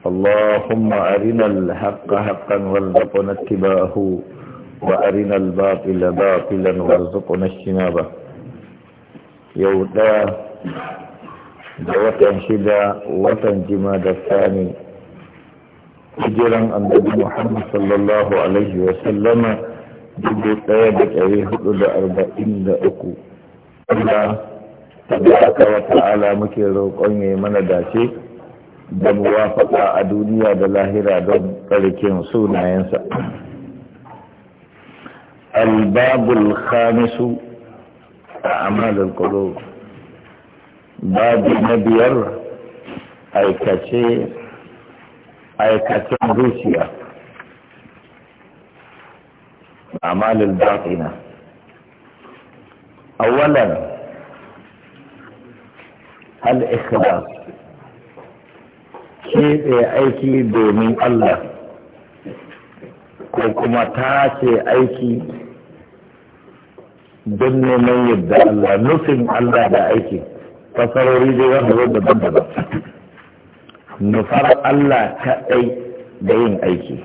اللهم أرنا الحق حقا وارزقنا اتباعه وأرنا الباطل باطلا وارزقنا اجتنابه يودا دوتا شدا وطن جماد الثاني hijiran annabi Muhammad sallallahu alaihi wa sallama dubu ɗaya da ɗari hudu da arba'in da uku. Allah tabaraka wa ta'ala muke roƙon ya mana dace da muwafaka a duniya da lahira don tsarkin sunayensa albabul khamisu a amalin kudu babu na biyar aikace aikacen zuciya amalin batina awalan al-ikhlas keɓe aiki domin Allah ko kuma tace aiki don neman yadda Allah nufin Allah da aiki fasarori zai wanda zo daban-daban nufar Allah kaɗai da yin aiki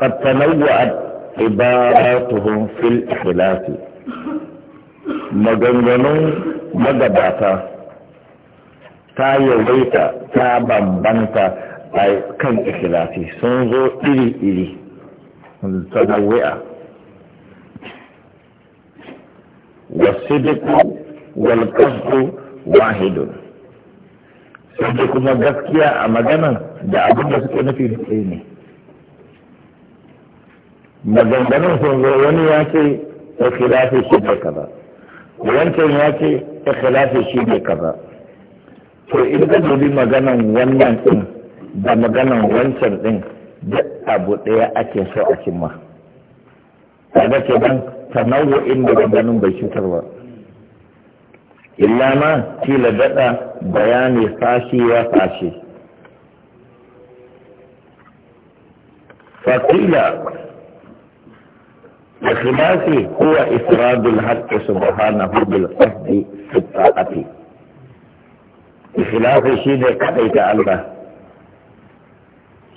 قد تنوعت عباراتهم في الإخلاص مجنون magabata ta yawaita ta bambanta a kan ikilafi sun zo iri-iri tanawwi'a wasidiku wal qasdu wahidun sai kuma gaskiya a magana da abin da suke nufi da ne maganganun sun zo wani ya ce ikilafi shi da kaza wancan ya ce ikhlasi shi ne kaza to in ka dubi maganan wannan din da maganan wancan din duk abu ɗaya ake so a cimma kaga ke dan tanawu'in ganin bai cutar ba illa ma kila daɗa bayani fashi ya sashi fakila وخلافه هو إفراد الحق سبحانه بالقصد في الطاعة بخلاف شيد كبيت الله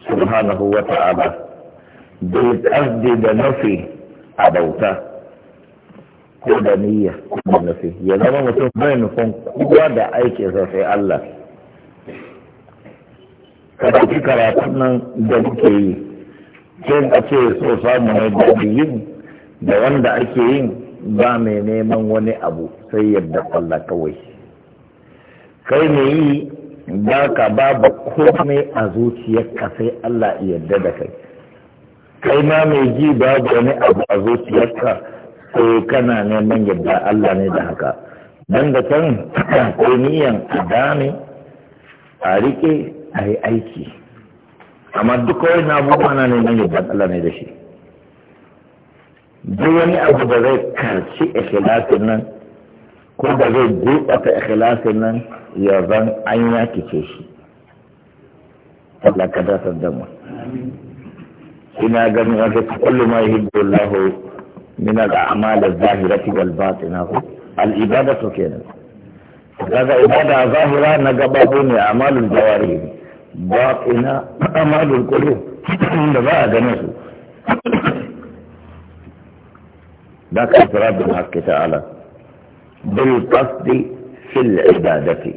سبحانه وتعالى بالقصد بنفي أبوته ko da niyya ko da nufi ya zama mutum bai nufin kowa da aikinsa sai Allah ka ɗauki karatun nan da muke yi sai a ce so samu ne da yin da wanda ake yin ba mai neman wani abu sai yadda Allah kawai kai ne yi ba ka babu komai a zuciyarka sai Allah yadda da kai kai ma mai ji babu wani abu a zuciyarka sai kana neman yadda Allah ne da haka don da can ko a dame a rike a yi aiki amma duk kawai na abubuwa na neman yadda Allah ne da shi duk wani abu da zai karci ikhlasin nan ko da zai gurɓata ikhlasin nan ya zan an kice shi Allah ka dasar da mu ina ganin wata kullu ma yuhibbu Allah min al-a'mal az-zahirati wal-batina al-ibadatu kenan kaga ibada zahira na gababu ne amalul jawari batina amalul kullu da ba a ganin su ذاك إفراد الحق تعالى بالقصد في العبادة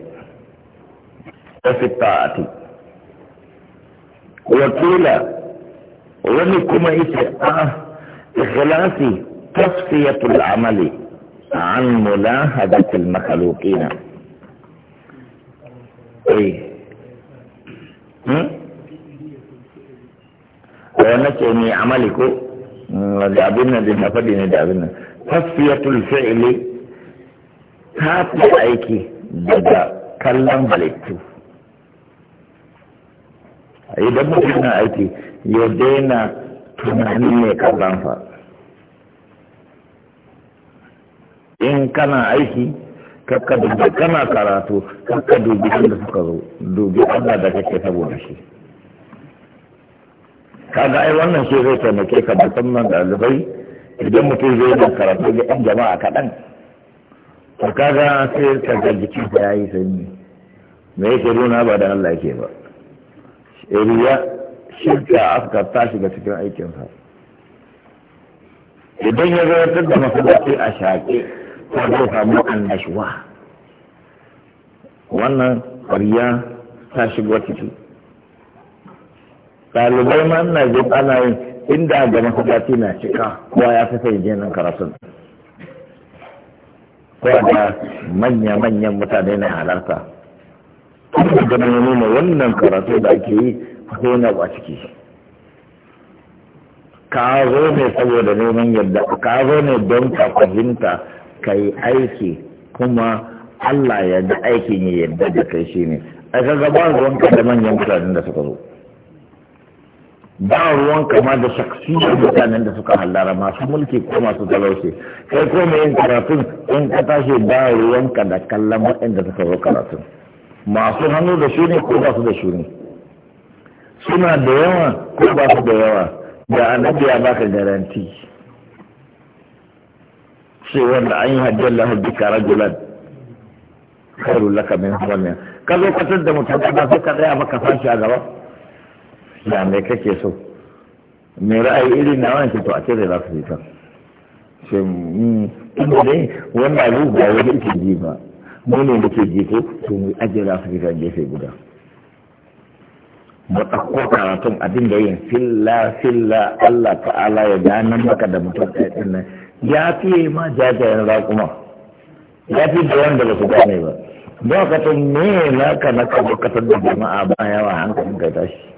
وفي الطاعة وقيل ولكم آه إخلاص تصفية العمل عن ملاحظة المخلوقين إيه ونسيني عملكم da abin nan faɗi ne da abin nan tasfiyatul fi'li ta fi aiki daga kallon halittu idan mutum na aiki ya daina tunani ne kallon fa in kana aiki kakka dubi kana karatu kakka dubi inda suka zo dubi Allah da kake saboda shi kaga ai wannan shi zai taimake ka musamman ɗalibai idan mutum zai da karatu ga ɗan jama'a kaɗan to kaga sai ka ga jikin ya yi sanyi me yake nuna ba da Allah yake ba eh, riya shirka aka ta shiga cikin aikinsa idan ya zartar da masallaci a shaƙe ko zai samu annashuwa wannan ƙwariya ta shigo ciki ɗalibai ma ina je ana yin inda ga masallaci na cika kowa ya fi sai jinin karatun ko da manya-manyan mutane na halarta kuma da nuna wannan karatu da ake yi ko na ba ciki ka zo ne saboda neman yadda ka zo ne don ka fahimta ka yi aiki kuma Allah ya ga aikin yadda da kai shi ne a kaga ba ruwanka da manyan mutanen da suka zo ba ruwan kama da shaksiyar mutanen da suka hallara masu mulki ko masu talauci kai ko mai yin karatun in ka tashi ba ka da kallon waɗanda suka zo karatun masu hannu da shuni ko ba su da shuni suna da yawa ko ba su da yawa da annabi ya baka garanti sai wanda an yi hajjar lahar duka rajulan kairu laka min ne ka lokacin da mutum ka sai ka tsaya maka fashi a gaba da mai kake so mai ra'ayi irin na wani to a ce da za su fitar sai inda dai wani abu ba wani ke ji ba mu ne da ke ji ko to mu ajiye za su fitar gefe guda mu ɗauko karatun abin da yin filla filla Allah ta'ala ya gane maka da mutum ɗaya ɗin nan ya fiye ma jajayen raƙuma ya fi da wanda ba su gane ba lokacin ne na ka na ka bukatar da jama'a ba yawa hankalin ka tashi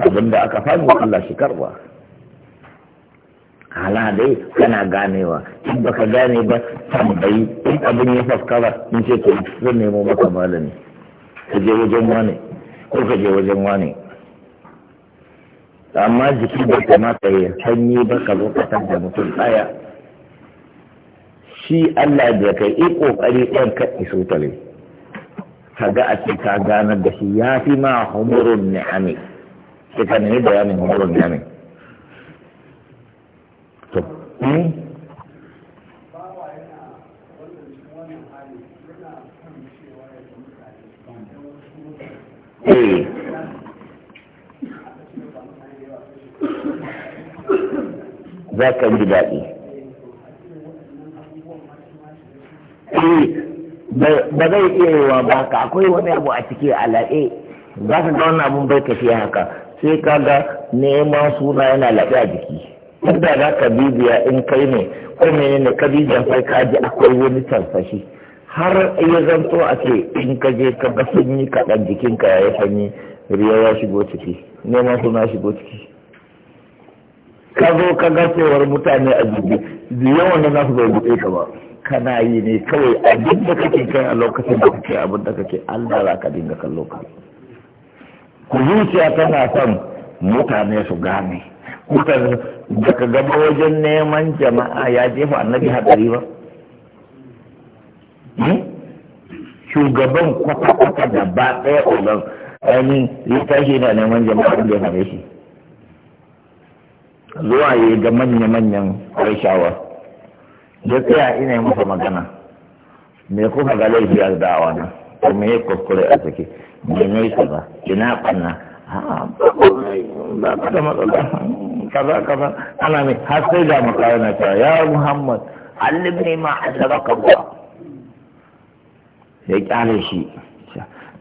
abinda aka samu Allah shi karba hala dai kana ganewa in baka gane ba tambayi in abin ya faskara in ce to zan nemo maka malami ka je wajen wane ko ka je wajen wane amma jiki bai kamata ya sanyi ba ka lokacin da mutum daya shi Allah da kai i kokari ɗan ka iso tare ka ga a cika ka ganar da shi ya fi ma humurin ni'ami sai ne nemi bayanin hukumar ne to eh za ka ji daɗi eh, ba zai iya yi wa ba ka akwai wani abu a ciki alaƙe za ka ga wani abun bai tafiya haka sai kaga neman suna yana laɓe a jiki inda za ka bibiya in kai ne ko ne ka bibiya sai ka ji akwai wani tarfashi har ya zanto a ce in ka je ka ga sanyi kaɗan jikinka ya yi sanyi riya ya shigo ciki neman suna shigo ciki ka zo ka ga mutane a jiki yawan da za su bai buɗe ka ba kana yi ne kawai abin da kake kai a lokacin da kake abin da kake Allah za ka dinga kallo ka. ku zuciya tana son mutane su gane kuka daga gaba wajen neman jama'a ya jefa annabi hadari ba hmm? shugaban kwata-kwata da ba ɗaya ulan ainihin ya tashi na neman jama'a da ya same shi zuwa ya ga manya-manyan rashawa ya tsaya ina yi masa magana me kuka ga laifi a da'awa nan to me kuskure a ciki me ne ka ba ina ɓanna ba ba da matsala kaza kaza ana mai har sai da makara na ta ya muhammad ne ma annabaka ba ya kyale shi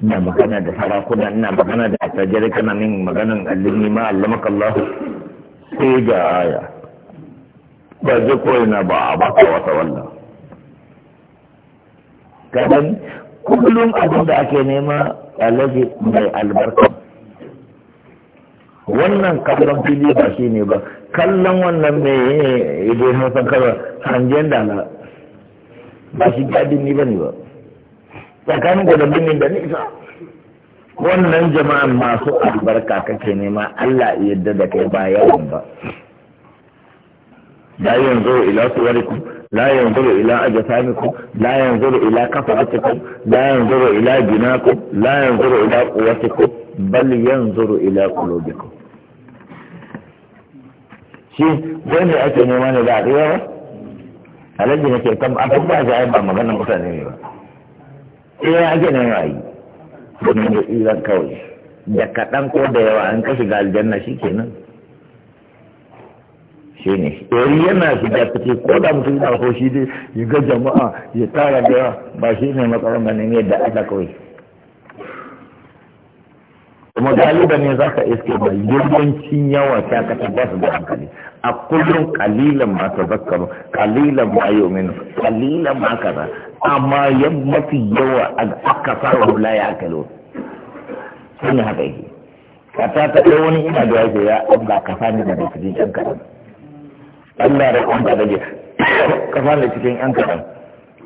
ina magana da sarakuna ina magana da attajiyar kana min maganan ne ma allamaka allah sai ga aya ba zai koyi na ba a baka wata wallah kadan kullum abin da ake nema alaji mai albarka wannan kallon fili ba shi ne ba kallon wannan mai ido san kawai hangen da na ba shi gadin ni ba ne ba tsakanin gudanmin da nisa wannan jama'an masu albarka kake nema Allah ya yarda da kai ba yawon ba لا ينظر إلى صوركم لا ينظر إلى أجسامكم لا ينظر إلى كفرتكم لا ينظر إلى جناكم لا ينظر إلى قوتكم بل ينظر إلى قلوبكم shi zai ne ake nema ne da a ba alaji na ke kan abin ba za a ba maganin mutane ne ba iya ake nema a yi domin da tsiran kawai da kaɗan ko an kashi ga aljanna shi kenan shi ne ɗari yana shiga ciki ko da mutum yana ko shi dai ya ga jama'a ya tara da ba shi ne matsalar ba ne da aka kawai kuma galiba ne za ka iske ba yawancin yawa ta ka ba su da hankali a kullum kalilan ba ta zakkaru kalilan ma yau minu kalilan ma kaza amma yan mafi yawa aka fara hula ya kalo sun haka yake ka ta ta wani ina da ce ya ba ka sani da cikin ɗan kaɗan Allah da kwanta rage kafa da cikin yan kaɗan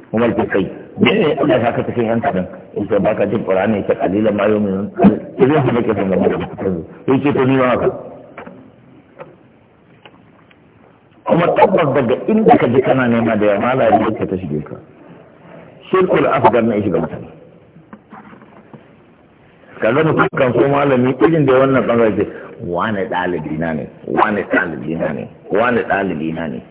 kuma ke kai bin ne Allah ya saka cikin yan kaɗan in sai baka jin ƙur'ani ke kalilan ma yau min idan ka nake son gaba da mutum yake to ni ma ka. kuma tabbas daga inda ka ji kana nema da yamma la yake ta shige ka shirkul afgar na shiga mutane kaga mutum kan so malami irin da wannan bangare wani ɗalibi na ne wani ɗalibi na ne wani ɗalibi na ne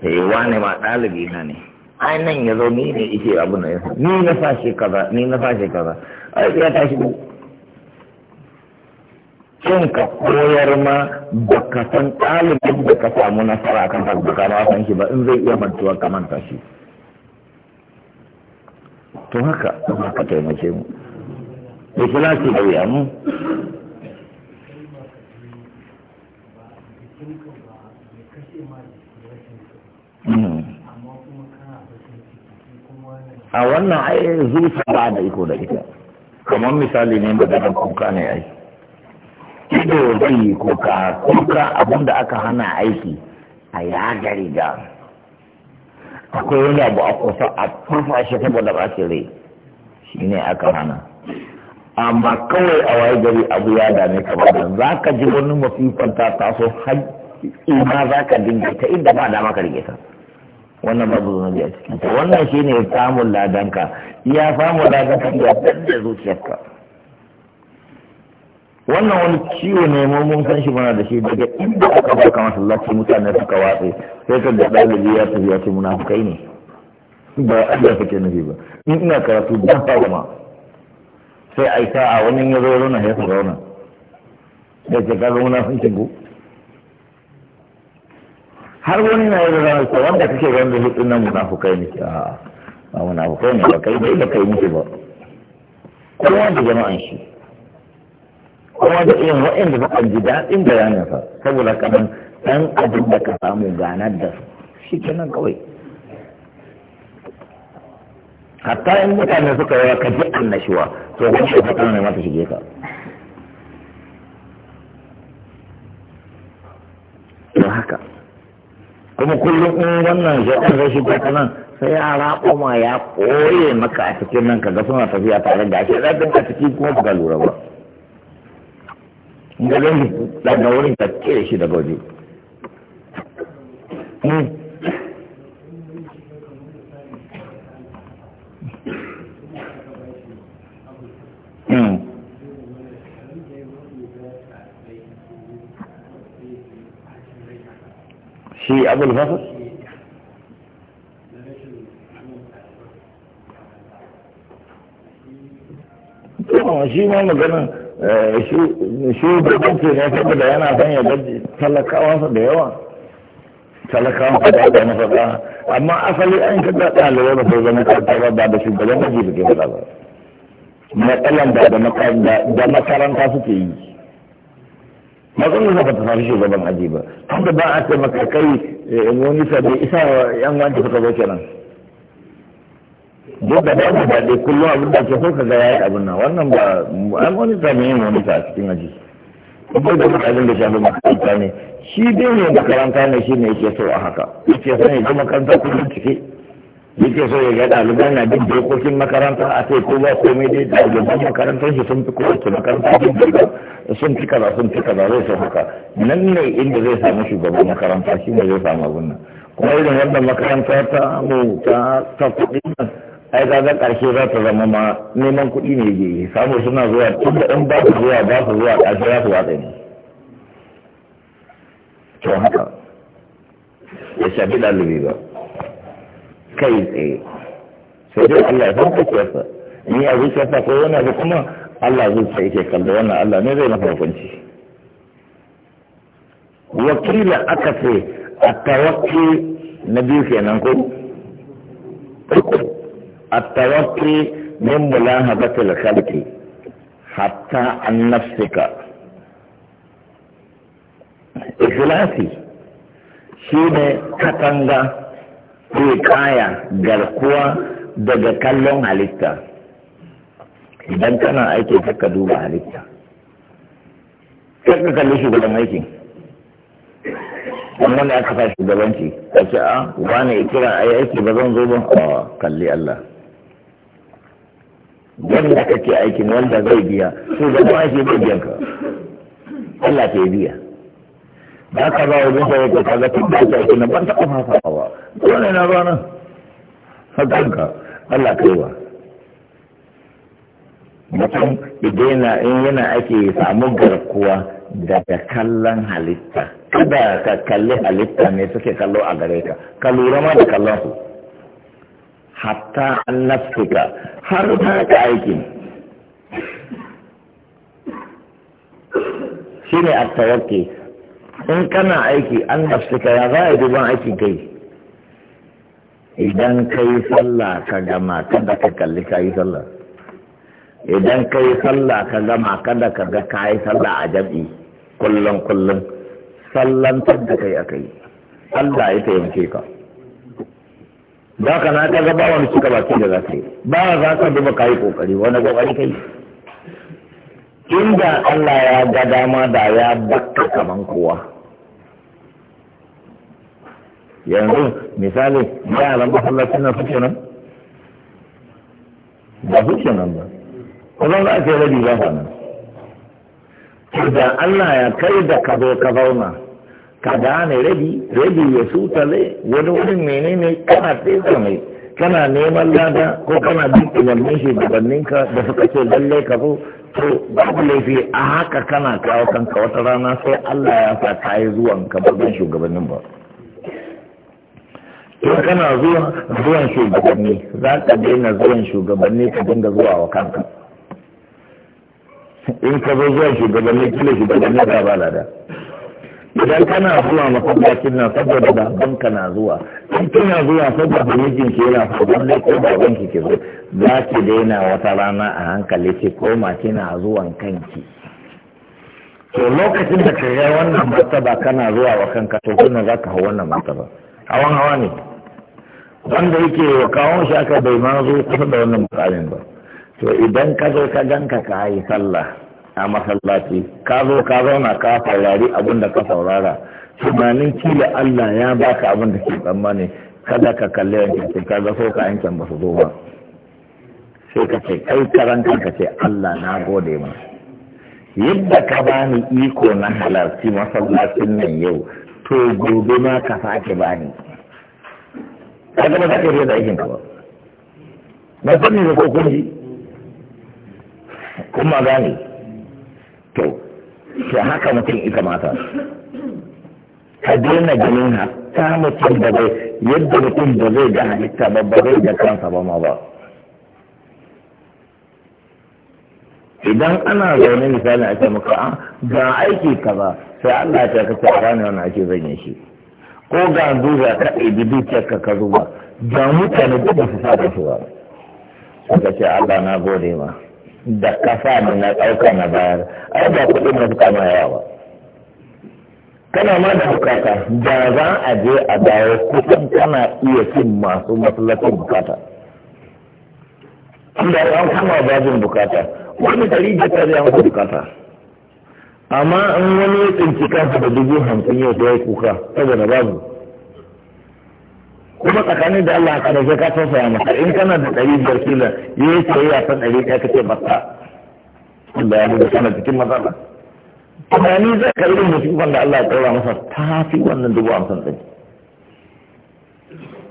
sai eh, wani ma ɗalibi na ne ai nan ya zo ni ne ishe abu na yasa ni na fashe kaza ni na fashe kaza ai ya tashi ku kin ka koyar ma ba ka san ɗalibin da ka samu nasara kan ka ba ka san shi ba in zai iya mantuwa ka manta shi to haka ka taimake mu ikhlasi da wuya mu a wannan ai zuciya ba da iko da ita kamar misali ne maganar kuka ne ai ido zai yi kuka kuka abinda aka hana aiki a ya riga akwai wani abu a kusa a kurfa shi saboda rashin rai shi ne aka hana amma kawai a waye gari abu ya dame kamar da za ka ji wani masifan ta taso har ina za ka dinga ta inda ba dama ka rige ta wannan babu zunubi a cikin ta wannan shine samun ladanka ya samun ladanka ya tadda zuciyarka wannan wani ciwo ne mu mun san shi muna da shi daga inda aka baka masallaci mutane suka watse sai ka ga dalibi ya tafi ya ce munafukai ne ba Allah kake nufi ba in ina karatu dan kuma sai aika a wani ya zo zauna ya zauna da ce ka ga munafikin ku har wani na da zama ko wanda kake ganin da hutun nan munafukai ne a ba munafukai ne ba kai dai ba kai musu ba kowa da jama'an shi kowa da irin waɗanda ba kan ji daɗin bayanin sa saboda kaman ɗan abin da ka samu ganar da su shi kenan kawai hatta in mutane suka yawa ka ji annashuwa to wani shi ka ne mata shige ka to haka kuma kullum in wannan shaitan zai shiga ta nan sai yara kuma ya koye maka a cikin nan ka ga suna tafiya tare da shi ɗan a ciki kuma ba ka lura ba in ga daga wurin ka kere shi daga waje hmm. في abul الفضل magana eh, shi ne saboda yana son ya gaji talakawansa da yawa ka da amma asali an ka da ɗalibai ba sai zama karta ba ba ba matsalan da makaranta suke yi matsalar haka ta sami shugaban aji ba tunda ba a taimaka kai wani eh, sabi isa yan wanda suka zo kenan duk da daɗi daɗi kullum abin da ke so ka ga yayi abin nan wannan ba an wani sami yin wani a cikin aji duk da abin da shafi makaranta ne shi dai ne makaranta ne shi ne yake so a haka yake so ne ga makaranta kullum ciki. yake so ya ga ɗaliban na bin dokokin makaranta a ce ko komai dai ɗaliban makarantar shi sun fi kowace makaranta sun fi sun fi kaza sun fi kaza zai so haka nan ne inda zai samu shugaban makaranta shi ne zai samu abin nan kuma irin wannan makaranta ta mu ta ta kuɗi nan ai ga ga ƙarshe za ta zama ma neman kuɗi ne ke samu suna zuwa tun da ɗan ba su zuwa ba su zuwa ƙarshe za su watsa ne. to haka ya shafi ɗalibi ba. kai tsaye sai dai Allah ya san kafiyarsa ni a zuci zuciyarsa ko wani abu kuma Allah sa yake kallo wannan Allah ne zai masa hukunci wakila aka ce a tawakki na biyu kenan ko a tawakki min mulahabatil khalqi hatta an nafsika ikhlasi shine katanga zai kaya garkuwa daga kallon halitta idan kana aiki ka duba halitta ka kalli shugaban aiki wannan da aka sa shugabanci a ce a ah, wani ikira a yi aiki ba zan zo ba a kalli Allah yadda kake aikin wanda zai biya shugaban aiki bai biyan ka Allah ke biya da aka ba wajen sa yake kaga tun da aka yake na ban taɓa fasa ba dole na ba nan hakanka Allah kai ba mutum idan in yana ake samu garkuwa daga kallon halitta kada ka kalli halitta ne suke kallo a gare ka ka lura ma da kallon su hatta an nafsika har ta ka aikin shine a tawakkil in kana aiki an ka ya za a duban aikin kai idan ka yi sallah ka gama kada ka kalli ka yi sallah idan ka yi sallah ka gama kada ka ga ka yi sallah a jabi kullum kullum sallan da kai a kai. Allah ya taimake ka Ba ka na kaga ba wani cika baki da za ka yi ba za ka duba ka yi kokari wani kokari kai. inda Allah ya ga dama da ya baka kaman kowa yanzu misali yaran masallacin nan suke nan ba suke nan ba kuma za a ce rabi ba nan da Allah ya kai da ka zo ka zauna ka gane rabi rabi ya sutale wani wurin menene kana tsaye mai kana neman lada ko kana bin umarnin shugabanninka da suka ce lalle ka zo to babu laifi a haka kana kawo kanka wata rana sai Allah ya sa ta yi zuwan ka ba shugabannin ba. in kana zuwa zuwan shugabanni za ka daina zuwan shugabanni ka dinga zuwa wa kanka in ka zo zuwan shugabanni kila shugabanni ba ba lada idan kana zuwa masallacin na saboda babanka na zuwa in kana zuwa saboda mijin ke yana faɗin ne ko baban ki ke zo za ki daina wata rana a hankali ki koma kina zuwan kanki to lokacin da ka ga wannan martaba kana zuwa wa kanka to kuna za ka hau wannan martaba hawan hawa ne wanda yake wa kawon shi aka bai ma zo kusa da wannan mukamin ba to idan ka zo ka ganka ka yi sallah a masallaci ka zo ka zauna ka saurari abin da ka saurara tunanin kila Allah ya baka abin da ke tsammani kada ka kalli yankin sai ka ga ka yankin ba su zo ba sai ka ce kai karan ka ce Allah na gode ma yadda ka bani iko na halarci masallacin nan yau to gobe ma ka sake bani ka ga ba za ka yi da aikin ka ba ba sani da ko kun ji kun ma gane to shi haka mutum ita mata ka daina ganin hatta mutum da zai yadda mutum da zai ga halitta ba ba zai ga kansa ba ma ba idan ana zaune misali a ce maka ah, ga aiki kaza sai Allah ya ta ka tsara ne wannan ake zanye shi ko ga zuwa ka ɗaiɗi cika ka ka zuba ga mutane da su sa da su ba ce Allah na gode ma da kafa ne na ɗauka na bayar ai ba kuɗi na suka ma yawa ba kana ma da bukata da za a je a dawo kusan kana iya cin masu masallacin bukata inda an kama bajin bukata wani dari da ta zai masa bukata amma in wani ya tsinci kansa da dubu hamsin yau da ya kuka saboda babu kuma tsakanin da Allah ka da sai ka tausaya masa in kana da ɗari biyar kila ya yi ya san ɗari ɗaya masa in da ya da kana cikin matsala tunani zai ka irin musulman da Allah ya ɗaura masa ta fi wannan dubu hamsin ɗin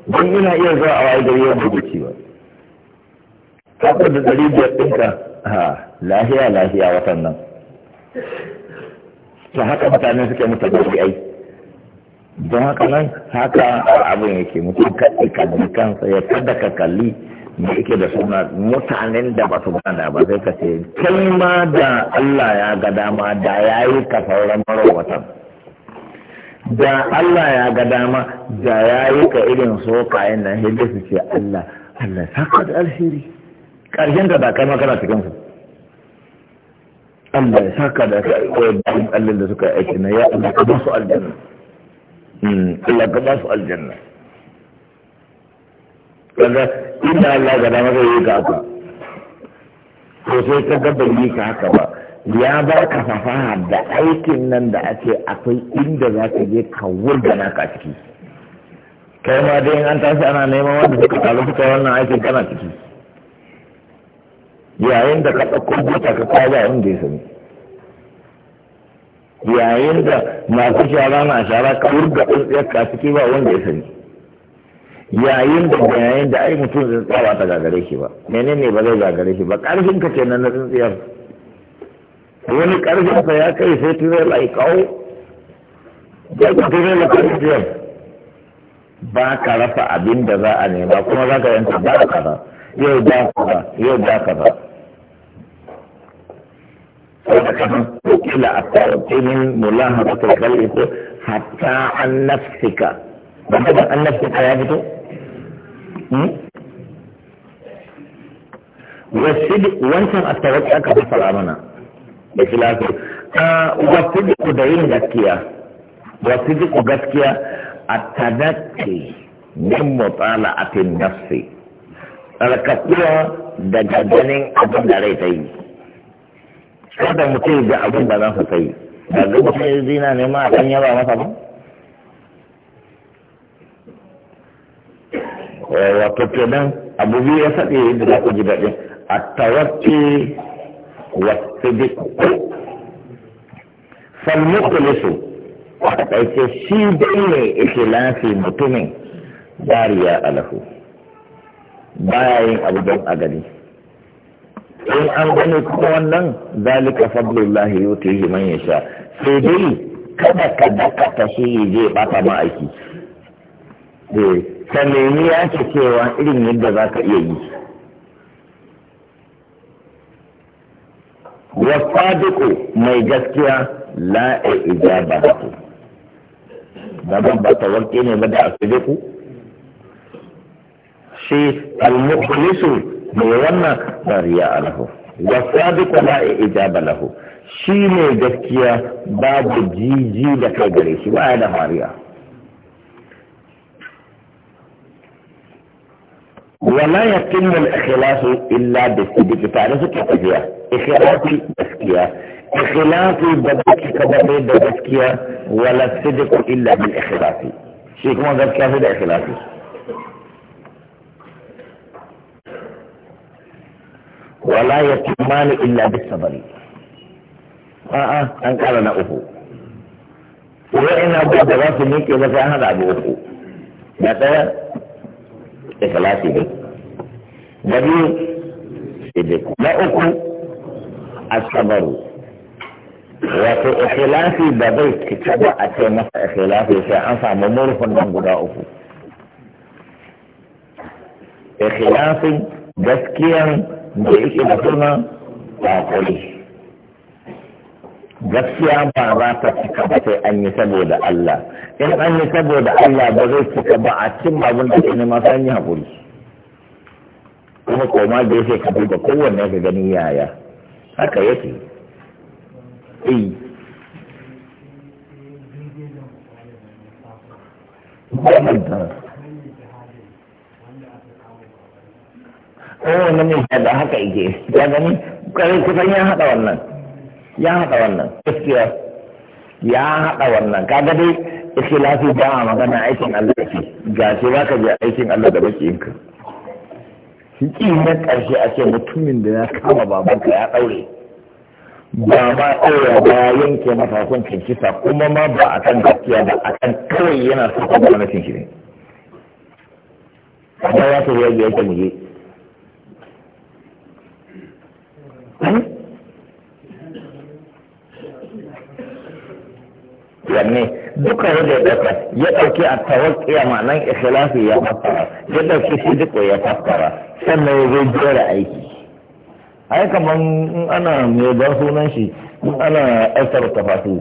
don ina iya zuwa a waye gari yadda bugu ba kafin da ɗari biyar ɗinka lahiya lahiya watan nan to haka mutane suke mutu ai don haka nan haka abin yake mutum kaɗi kalli kansa ya kada ka kalli mai yake da suna mutanen da ba su gada ba sai ka ce kai da Allah ya ga dama da ya yi ka sauran marowatan da Allah ya ga dama da ya yi ka irin so kayan nan hidda su ce Allah Allah saka da alheri ƙarshen da ba kai ma kana cikin su Allah ya saka da ka koyar da Allah da suka aiki na ya Allah ka ba su aljanna hmm, Allah ka ba su aljanna kaga inda Allah ga dama zai yi ka haka to sai ka ga bai yi ka haka ba ya ba ka fafaha da aikin nan da ake akwai inda za ka je ka wurga na ka ciki kai ma dai an tashi ana neman wanda suka taru suka wannan aikin kana ciki yayin da ka ɗauko mota ka kawo ba wanda ya sani yayin da masu shara na shara ka wurga tsintsiyar ka ciki ba wanda ya sani yayin da ba yayin da ai mutum tsintsiya ba ta gagare shi ba menene ba zai gagare shi ba ƙarfin ka ce na tsintsiyar wani ƙarfin sa ya kai sai tirela ya kawo ya ka tirela ka tsintsiyar ba ka rasa abin da za a nema kuma za ka yanka ba ka ba yau ba ka ba yau ba ka ba فكما نقل التعطيل ملاحظة الخلق حتى عن نفسك بدأ عن نفسك يا والصدق وانت التوقع كفصل عمنا بخلافه آه والصدق دين غسكيا والصدق غسكيا التذكي من مطالعة النفس الكثير دجاجين أبن داريتين kada mutum ga abin da za su kai da ga mutum zina ne ma kan yaba masa ba eh, wato kenan abu biyu ya faɗi da za ku ji daɗi a tawakki wa sidiku falmukulisu a ce shi dai ne lafi mutumin dariya alahu baya yin abu don gani in an gani kuma wannan zalika fadlullahi yutihi man yasha sai dai kada ka daka ta shi zai bata ma aiki eh ka nemi ya ce cewa irin yadda za ka iya yi sadiqu mai gaskiya la ijaba ku daban ba ta warke ne ba da asidiku shi al-mukhlisu بيوانا لا له والصادق لا إجابة له شيء جسكيا باب جي جي لكي قريش وآله رياء ولا يتم الإخلاص إلا بالصدق تعرف كيف إخلاصي جسكيا إخلاصي بدك كبابي بجسكيا ولا الصدق إلا بالإخلاصي شيخ ما ذلك كافي إخلاصي wala ya tumani illa bis sabari a'a an kara na uku Ina ba da za su miƙe ba sai an hada abu uku na ɗaya ikhlasi ne na biyu sidik na uku asabaru wato ikhlasi ba zai cika ba a ce masa ikhlasi sai an samu murfin nan guda uku ikhlasi gaskiyan da yake da suna kuri gaskiya ba za ta cika ba sai an yi saboda Allah in an yi saboda Allah ba zai cika ba a cin abin da ke nema sai yi haƙuri kuma koma da yake ka duba kowanne ka gani yaya haka yake eh ba kowane mai da haka ike ya gani kare kusan ya haɗa wannan ya haɗa wannan gaskiya ya haɗa wannan kaga dai iskilafi ba a magana aikin Allah ce ga shi za ka je aikin Allah da bakinka ki na ƙarshe a ce mutumin da ya kama babanka ya ɗaure ba ma ɗaure ba ya yanke masa hukuncin kisa kuma ma ba a kan gaskiya ba a kan kawai yana sa gwamnatin shi ne. Amma ya ta yage ya ta muje. yanni eh? duka wanda ya ɗauka ya ɗauki a tawakkiya ma'anan ikhlasi ya fassara ya ɗauki duk ya fassara sannan ya zai jera aiki ai kaman in ana mai ban sunan shi in ana asar tafasu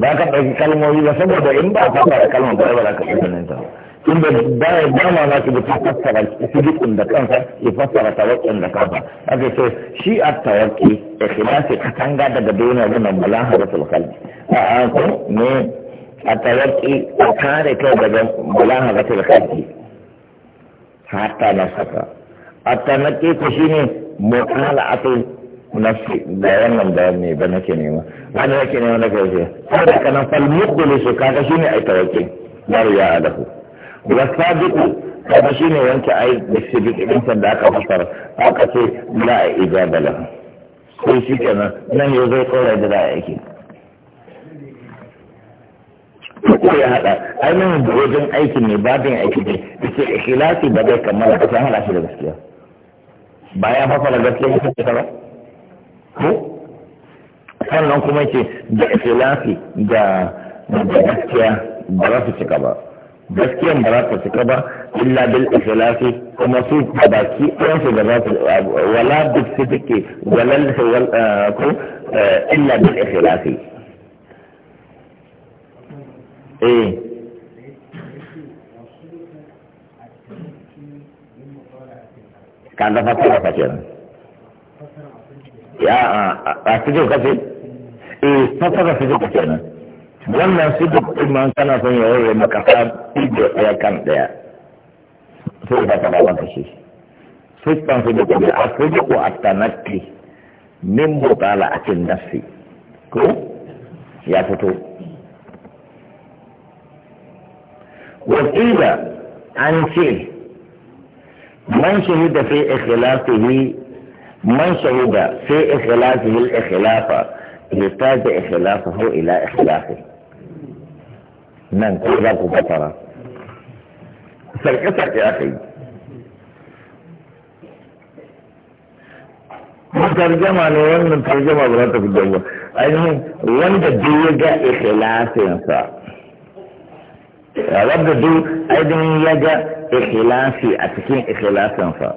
ba ka ɗauki kalmomi ba saboda in ba fassara kalmomi ba ba za ka ɗauki sunan ta tunda baya ba mamaki da ta fassara sidikun da kansa ya fassara tawakkin da kafa. aka so shi a tawakki ikhlasi katanga daga duniya wannan balaharatul qalbi a ko ne a tawakki a kare kai daga balaharatul qalbi hatta na saka a tanaki ku shine mutala'atu nafsi da wannan bayani ba nake nema wani nake nema nake ce sai da kanan fal mukhlisu kaga shine ai tawakki la riya lahu wasabiku kaga shine wanke ai da shibik din da aka fasara aka ce la ijaba lahu sai shi kenan nan yau zai kora da da yake ko ya hada ai nan da wajen aikin ne babin aiki ne yace ikhlasi ba zai kammala ba san hada shi da gaskiya ba ya fasara gaskiya ne ta ba ko sannan kuma ce da ikhlasi da da gaskiya ba za su cika ba gaskiyan ba za ta cika ba illa bil ikhlasi kuma su da baki ɗayan su da za su wala duk su take walal ko illa bil ikhlasi eh kan da ta fa kenan ya a ka kafin eh fasara fa kenan wannan sidik din man kana son ya maka ido ɗaya kan ɗaya sai ka faɗa maka shi sifan a min a ko ya fito wakila an ce man shahida fi ikhlasihi man shahida fi ikhlasihi al-ikhlafa ila ikhlasihi nan ko za ku fatara sarke-sarke aka yi tarjama ne wannan tarjama ba za ta fi ainihin wanda duk ya ga ikhlasinsa wanda duk ya ga ikhlasi a cikin ikhlasinsa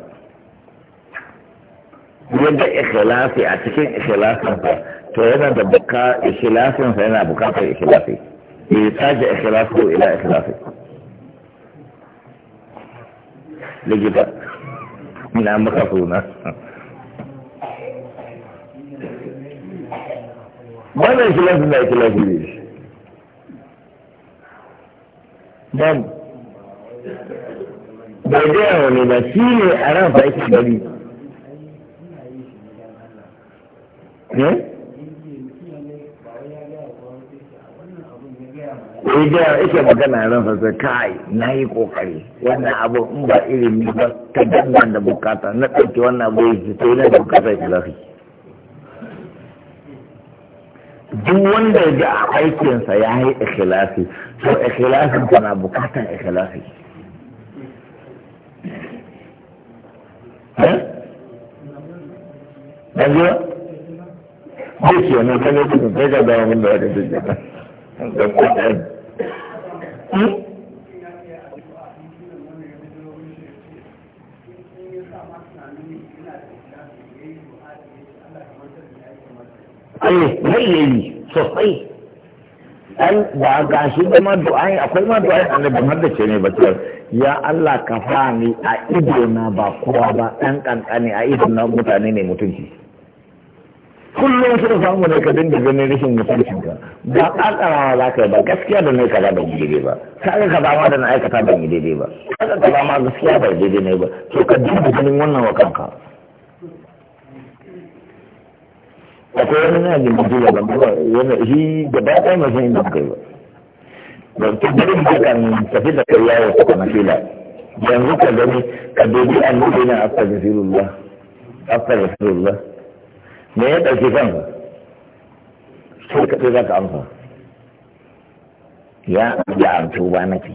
ya ikhlasi a cikin ikhlasinsa to yana da buka ikhlasinsa yana bukatar ikhlasi يحتاج خلافه إلى إخلافه لجدا نعم مخافونا ما لا إخلاف لا إخلاف ليش نعم بدأوا ولما سيني أنا فايت الجديد نعم. sai da magana ran fasa kai na yi kokari wannan abu in ba ilimi ba ta dangan da bukata na ɗauki wannan abu ya na bukata ya zafi duk wanda da a aikinsa ya yi ikhlasi to ikhlasin ta na bukatan ikhlasi Ɗan eh? zuwa? Duk na. Allah hmm? eh, an ba ga shi da ma du'ai akwai ma du'ai annabi har da ce ne batar ya Allah ka fa ni a ido na ba kowa ba dan kankane a ido na mutane ne mutunci kullum da samu ne ka dinga ganin rashin mutuncin ka ba ƙaƙarawa za ka yi ba gaskiya da ne kaza ban yi daidai ba kaga ka ba ma da na aikata ban yi daidai ba kaga ka ba ma gaskiya ba daidai ne ba to ka dinga ganin wannan wa kanka akwai wani na jin mutu da ban ba wani shi ba ɗaya mai san inda kai ba ta tabbatar da kan tafi da kariya ya ta kuma fila yanzu ka gani ka dubi annabi na astaghfirullah astaghfirullah me ya ɗauki kan sai za ka amsa ya ya amso ba na ke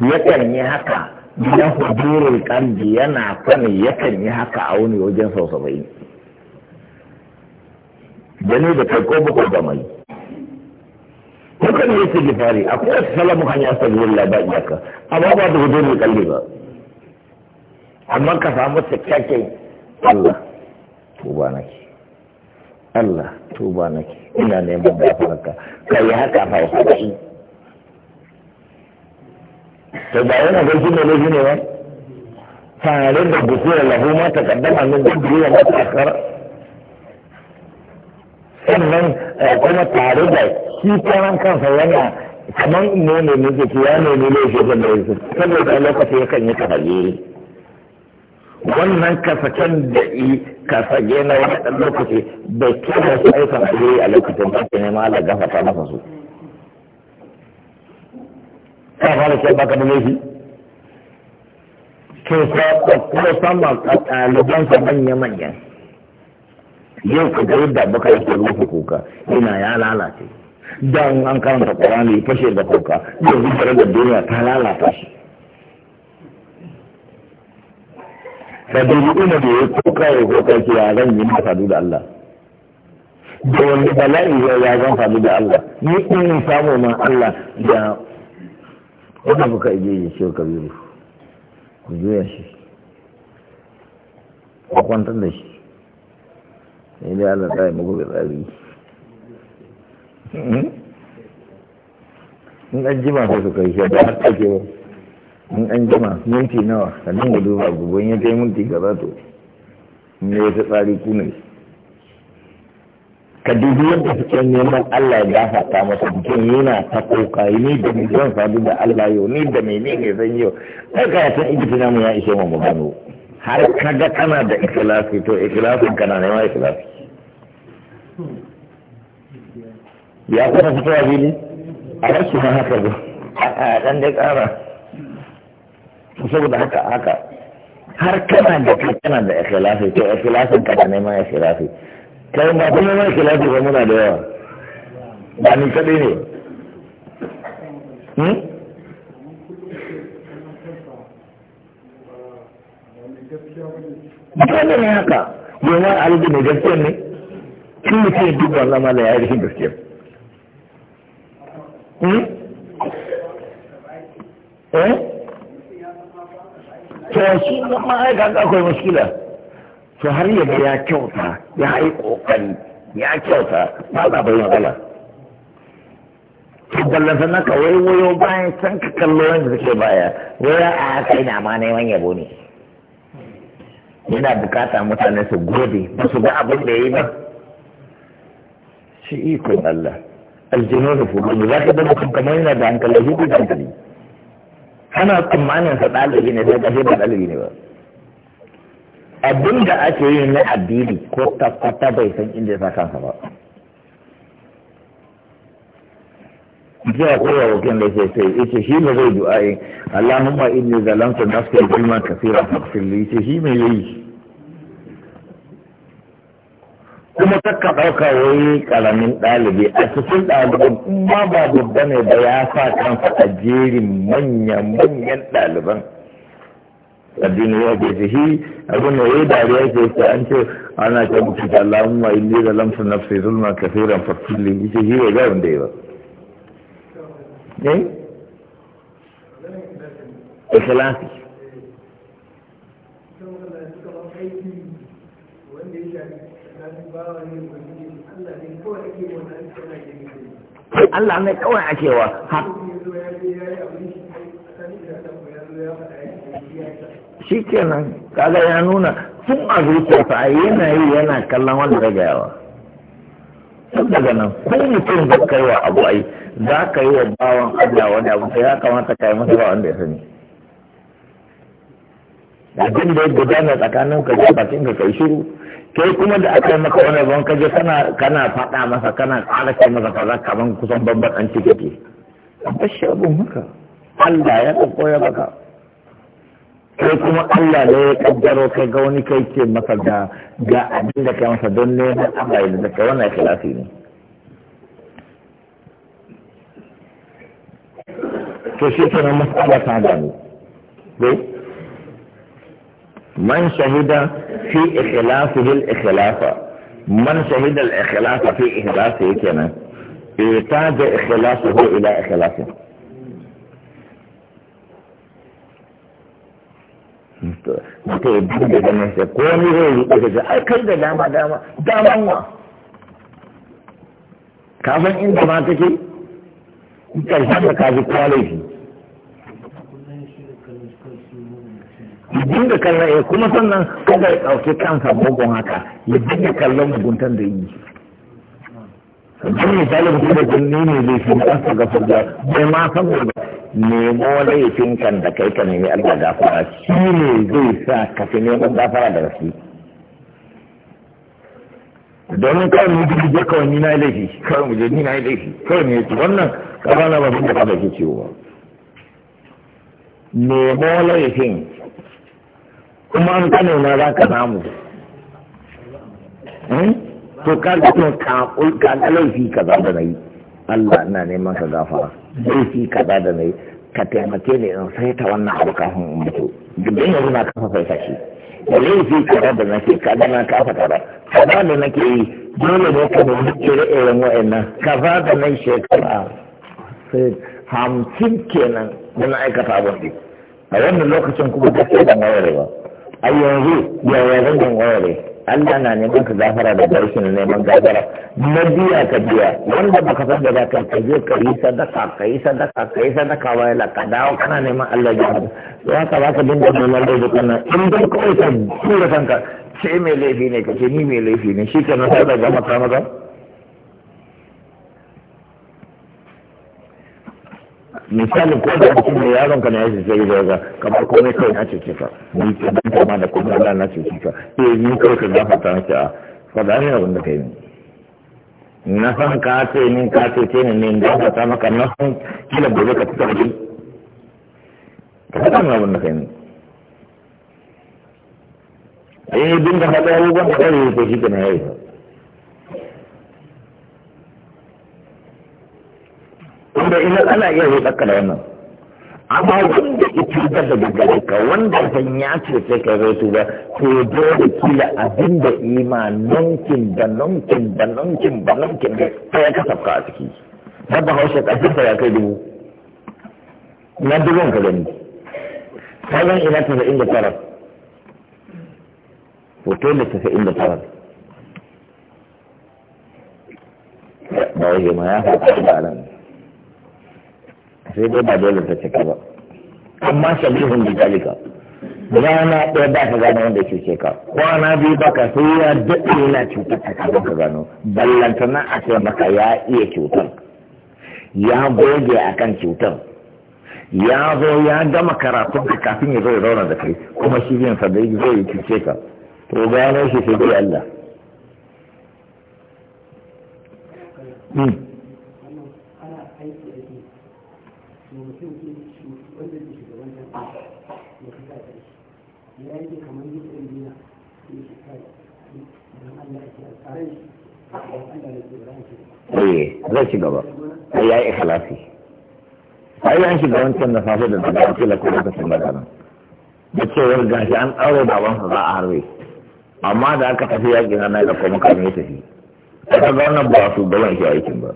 yakan yi haka na hudurin kalbi yana kwani yakan yi haka a wani wajen sau saba'in gani da kai ko bakwai da mai kukan yi su gifari a kuma su salamu hanyar sabbin laba iyaka amma ba da hudurin kalbi ba amma ka samu cikakken Allah tuba nake Allah tuba nake ina neman gafararka kai haka fa saba'in to ba yana gaji ne laifi ne ba tare da gusura lahu ma ta kaddama min gudu ya mata akara sannan eh, kuma tare da shi karan kansa yana kamar ne ne ne ke ya ne ne laifi da laifi saboda lokacin yakan yi kabari wannan kasaken da i kasage na wani ɗan lokaci bai kira su aikan alheri a lokacin ba ke nema ala gafata masa su ka fara ce baka da laifi Ke sa ko sama ɗaliban sa manya manya yau ka gari da baka yake rufe kuka ina ya lalace dan an karanta qur'ani fashe da kuka yanzu da duniya ta lalata shi da dubi ina da ya tsoka ya tsoka ke ya zan yi na fadu da Allah da wani bala'i ya ya zan fadu da Allah ni in samu ma Allah da wanda buka ije ya ka biyu ku juya shi a kwantar da shi ne dai Allah yi muku da tsari hmm? in ɗan jima sai su kai shi da har take wani in an jima minti nawa sannan dinga duba gugun ya kai minti gaba to in ya tsari ku ka dubi yadda suke neman Allah ya gafarta masa mutum yana ta koka ni da mai zan sadu da Allah yau ni da mai ne zan yau kai ka san ijiti namu ya ishe mu gano har ka ga kana da ikhlasi to ka na neman ikhlasi ya kuma fitowa fili a rashin haka ba a ɗan da ƙara su saboda haka haka har kana da kai kana da ikhlasi to ikhlasin ka da neman ikhlasi kai ma kuma neman ikhlasi ba muna da yawa ba ni kadai ne hmm? Dole ne haka, domin alibi ne gaskiyar ne, shi mutum duk wannan ma da ya rikin gaskiyar. Hmm? Eh? to shi ma ai kaga akwai muskila to har yi ga ya kyauta ya yi kokari ya kyauta ba za bai magana ballan na ka wai wayo bayan san ka kallo wanda suke baya waya a haka ina ma neman yabo ne yana bukata mutane su gode ba su ga abin da yi ba shi ikon Allah aljinu da fulani za ka da mutum kamar yana da hankali shi da hankali kana tsammanin sa ɗalibi ne sai kashe ba ɗalibi ne ba abin da ake yi na addini ko tabbata bai san inda ya sa kansa ba jiya kowa wakil da ke sai yace shi ne zai du'a'i Allahumma inni zalamtu nafsi zulman kaseera faghfir li yace shi mai yayi kuma takka ɗauka wai ƙaramin ɗalibi a cikin ɗaliban kuma ba babba ne da ya sa kansa a jerin manyan manyan ɗaliban addini ya ke shi abin da ya yi dariya ke shi an ce ana ta mutu da lamma inni da na fi zulma kafiran fasili ita shi ya gawin da ya ba eh? ikhlasi Allah ne kawai cewa ha shi kenan kaga ya nuna tun a zuciyarsa a yi yana kallon wanda gayawa tun daga nan ko mutum zai kai wa abu ai za ka yi wa bawan Allah wani abu sai ya kamata ka yi masa ba wanda ya sani abin da ya gudana tsakanin ka ga bakin ka kai shiru kai kuma da aka yi maka wani ban ka je kana kana faɗa masa kana ƙara kai masa kaza kaman kusan babban an ci kake shi abin maka Allah ya ɗauko ya baka kai kuma Allah ne ya kaddaro kai ga wani kai ke masa ga ga abin da kai masa don neman Allah ya da kai wannan ikhlasi ne to shi kenan mas'ala ta gani dai man شهد fi ikhlasihi al من شهد shahida في fi إيتاج إخلاصه إلى إخلاصه mata ya ganin sa ko ni zai yi daga ai kai da dama dama dama wa ka inda ma take karshen da ka ji dinga kallon ya eh, kuma sannan kada ya ɗauki kansa mugun haka ya dinga kallon muguntan da yi Jini ta lafi da jini ne zai fi ɗan su gafar da bai ma san ba nemo laifin kan da kai ka nemi Allah gafara shi ne zai sa ka fi neman gafara da rasu domin kawai ne ji je kawai ni na laifi kawai mu je ni na laifi kawai ne su wannan kafa na ba da ba ke ciwo ba nemo laifin kuma an kano na za ka samu hmm? to ka gano ka laifi za da na yi Allah ina neman ka gafara laifi za da na yi ka taimake ni in sai ta wannan abu kafin in mutu duk yanzu na kafa saita shi laifi za da ka kaza na kafa kaza kaza da nake yi dole ne ka nemi ire-iren wa'annan ka za da nan shekara sai hamsin kenan muna aikata abin a wannan lokacin kuma gaske da mawarewa a yanzu yaya zan yin warware Allah na neman ka gafara da barkin neman gafara na biya ka biya wanda baka san da ka ka je ka yi sadaka ka yi sadaka ka yi sadaka wa yala ka dawo kana neman Allah ya hada don ka za ka dinga neman da duka nan in dai kawai ka tura kanka sai mai laifi ne ka ce ni mai laifi ne shi ke na sai da gama kama kama. misali ko da mutum ne yaron ka ne ya cece ka ga kamar komai kai na ce ka ni ke ban kama da komai Allah na ce ka eh ni kai ka fata na ce a fada ne abin da kai ne na san ka ce ni ka ce ni ne gafarta maka na san kila gobe ka fita da ka faɗa ne abin da kai ne eh bin da yi abubuwan da kai ne ko shi yi yayi wanda ina ana iya yi tsaka da wannan amma wanda ya cutar da daga ka wanda san ya ce sai ka zai tuba to ya zo da kila abin da ima da nunkin da nunkin da nunkin da ta ya kasafka a ciki na bahaushe ƙarfinsa ya kai dubu na dubun ka gani ina tasa'in da hoto da tasa'in da ba wajen ma ya faɗa da sai dai ba dole ta cika ba amma shabihun bi dalika rana ɗaya ba ka gano wanda ke ka kwana biyu ba ka sai ya daɗe yana cutar ta kaɗan ka gano ballanta na a maka ya iya cutar ya goge a kan cutar ya zo ya gama karatun ka kafin ya zo ya zauna da kai kuma shi zai sa zai zo ya cuce ka to gano shi sai dai Allah. Hmm. ya yi kamar yi ɗin biya ya shi kai don Allah ya ce a tsarin shi Eh, zai ci gaba. Sai ya yi ikhlasi. Sai ya shiga wancan na safe da daga kila ko lokacin magana. Da cewar gashi an ɗaure babansa za a harbe. Amma da aka tafi ya gina na naira kuma makamin ya tafi. Aka ga wannan ba su gaban shi aikin ba.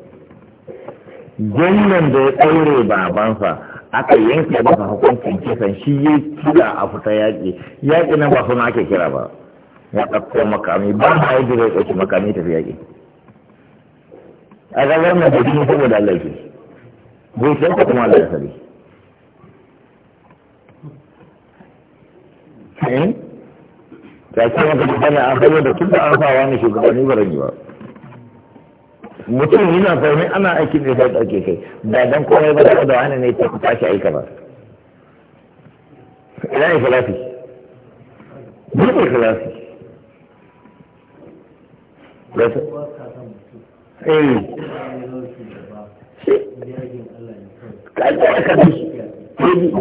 Gwamnan da ya ɗaure babansa aka yanke masa hukuncin kisan shi ya kira a fita yaƙi yaƙi nan ba suna ake kira ba ya ɗauko makami ba ma yadda zai ɗauki makami tafi yaƙi a ga wannan da jini saboda Allah ke zuciyar ta kuma da ya sani ta ce maka da tana an da tun da an sa wani shugabanni ba rage ba mutum yana fahimi ana aikin da sai ɗauke kai ba dan komai ba da wani ne ta ku tashi aika ba ina ne khilafi ba ne khilafi eh kai ka ka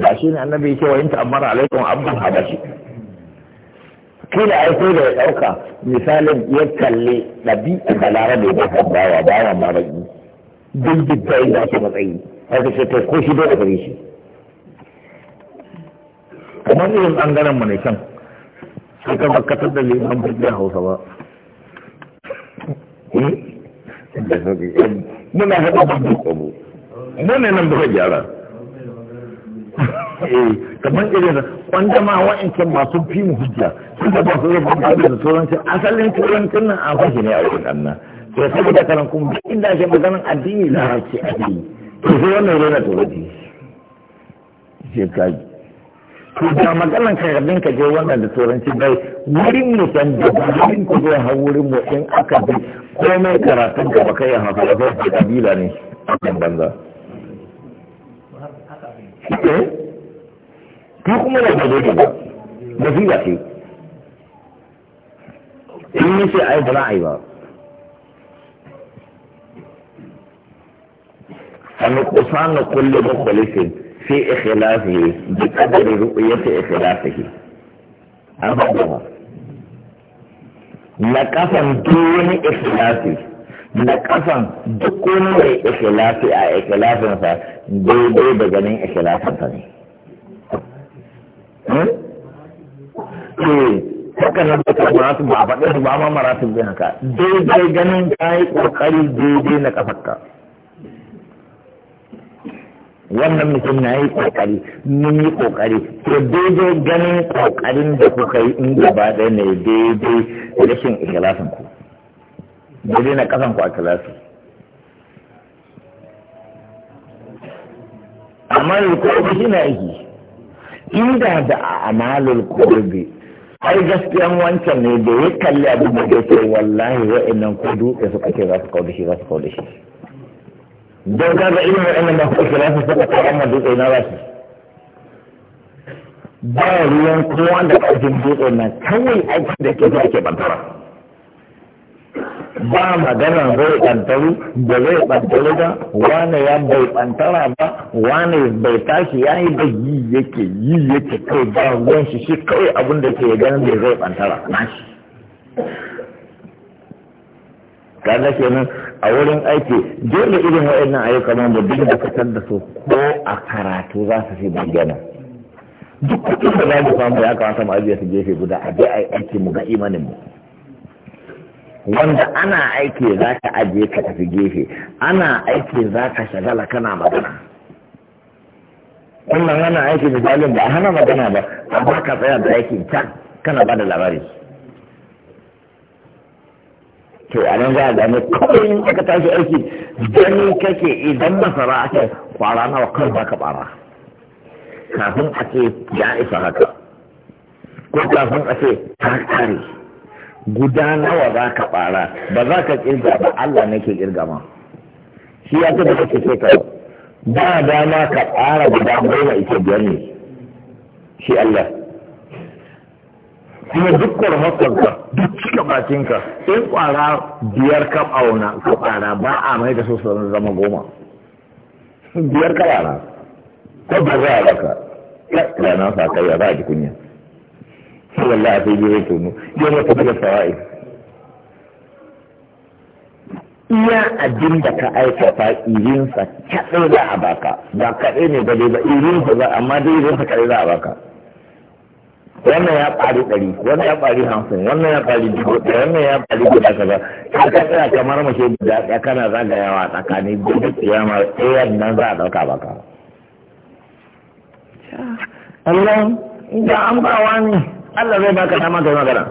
ba shi ne annabi ya ce wa alaikum abdan kila ai ko da ya ɗauka misalin ya kalli ɗabi'a da larabe ba ta bawa bawa ma baki duk duk da inda ake matsayi har ka ce to ko shi dole gare shi kamar irin ɓangaren mu ne can sai ka bakatar da liman birnin hausa ba eh? muna haɗa da duk abu muna nan ba gyara Eh, kamar irin da wanda ma wa'ancan masu fi mu hujja sun da masu zai fanta da turancin asalin turancin nan an fashe ne a wurin annan to saboda karan kuma duk inda ake maganin addini larabci a yi to sai wannan rena turanci sai kaji to da maganan karatun ka je wannan da turanci bai wurin mu san da wurin ku zai hau wurin mu in aka bi komai karatun ka ba kai ya hafa da kabila ne a kan banza. suke eh? ta kuma da gado ta ba ba fi ba ce in yi sai ai ba na ai ba sannu ko sannu kulle ba kwalifi fi ikhilafi ne da kadari rukuyata ikhilafi ne an ba ba na kasan duk wani ikhilafi ne na kasan duk wani mai ikilafi a ikilafinsa daidai da ganin ikilafinsa ne. Hmm? Eh, haka nan da karburatu ba a faɗe su ba ma maratun zai haka daidai ganin kayi yi ƙoƙari daidai na kafarka. Wannan mutum na yi ƙoƙari, mun yi ƙoƙari, to daidai ganin ƙoƙarin da kuka yi in gaba ɗaya ne daidai rashin ikilafin ku. daidai na kasan ku a kilasi amma lulkurbi shi na aiki inda da a amalul kurbi ai gaskiyan wancan ne da ya kalli abin da ya ce wallahi wa'annan ku dutse suka ce za su kawo da shi za su kawo da shi don kaga irin wa'annan da suka kira su suka kawo amma dutse na ba su ba ruwan kowa da ƙarfin dutse na kawai aiki da ke zuwa ke bantara ba magana zai ɓantaru da zai ɓantaru ba wane ya bai ɓantara ba wane bai tashi ya yi bai yi yake yi yake kai ba ruwan shi shi kawai abin da ke ganin da zai ɓantara na shi kaga kenan a wurin aiki dole irin waɗannan ayyukan ma mu da fitar da su ko a karatu za su fi bayyana duk kuɗin da za mu samu ya kamata mu ajiye su gefe guda a je a yi aiki mu ga imanin mu wanda ana aiki za ka ajiye ka tafi gefe ana aiki za ka shagala kana magana wannan ana aiki misalin ba a hana magana ba amma ka tsaya da aikin can kana bada labari to a nan za a gane kawai in aka tashi aiki gani kake idan masara ake kwara na kar ba ka bara kafin a ce ya isa haka ko kafin a ce ta kare guda nawa za ka ɓara? ba za ka kirga ba Allah ne ke kirga ma shi ya ce da kake ce ka ba dama ka ɓara guda goma ita biyar ne shi Allah kuma duk ka duk cika bakinka in ƙwara biyar ka auna ka ɓara, ba a mai da su zama goma biyar ka kwara ko ba za a ka. ya na sa kai ya ba ji kunya sai a sai zai tono yau mata daga sawa'i iya abin da ka aikata irinsa kaɗai za a baka ba kaɗai ne ba dai ba irinsa ba amma dai irinsa kaɗai za a baka wannan ya ɓari ɗari wannan ya ɓari hamsin wannan ya ɓari dubu ɗaya wannan ya ɓari guda kaza ka ka tsaya kamar mace guda ɗaya kana zagayawa tsakani gudu ma ɗaya nan za a ɗauka baka Allah da an ba wani Allah zai baka dama kai magana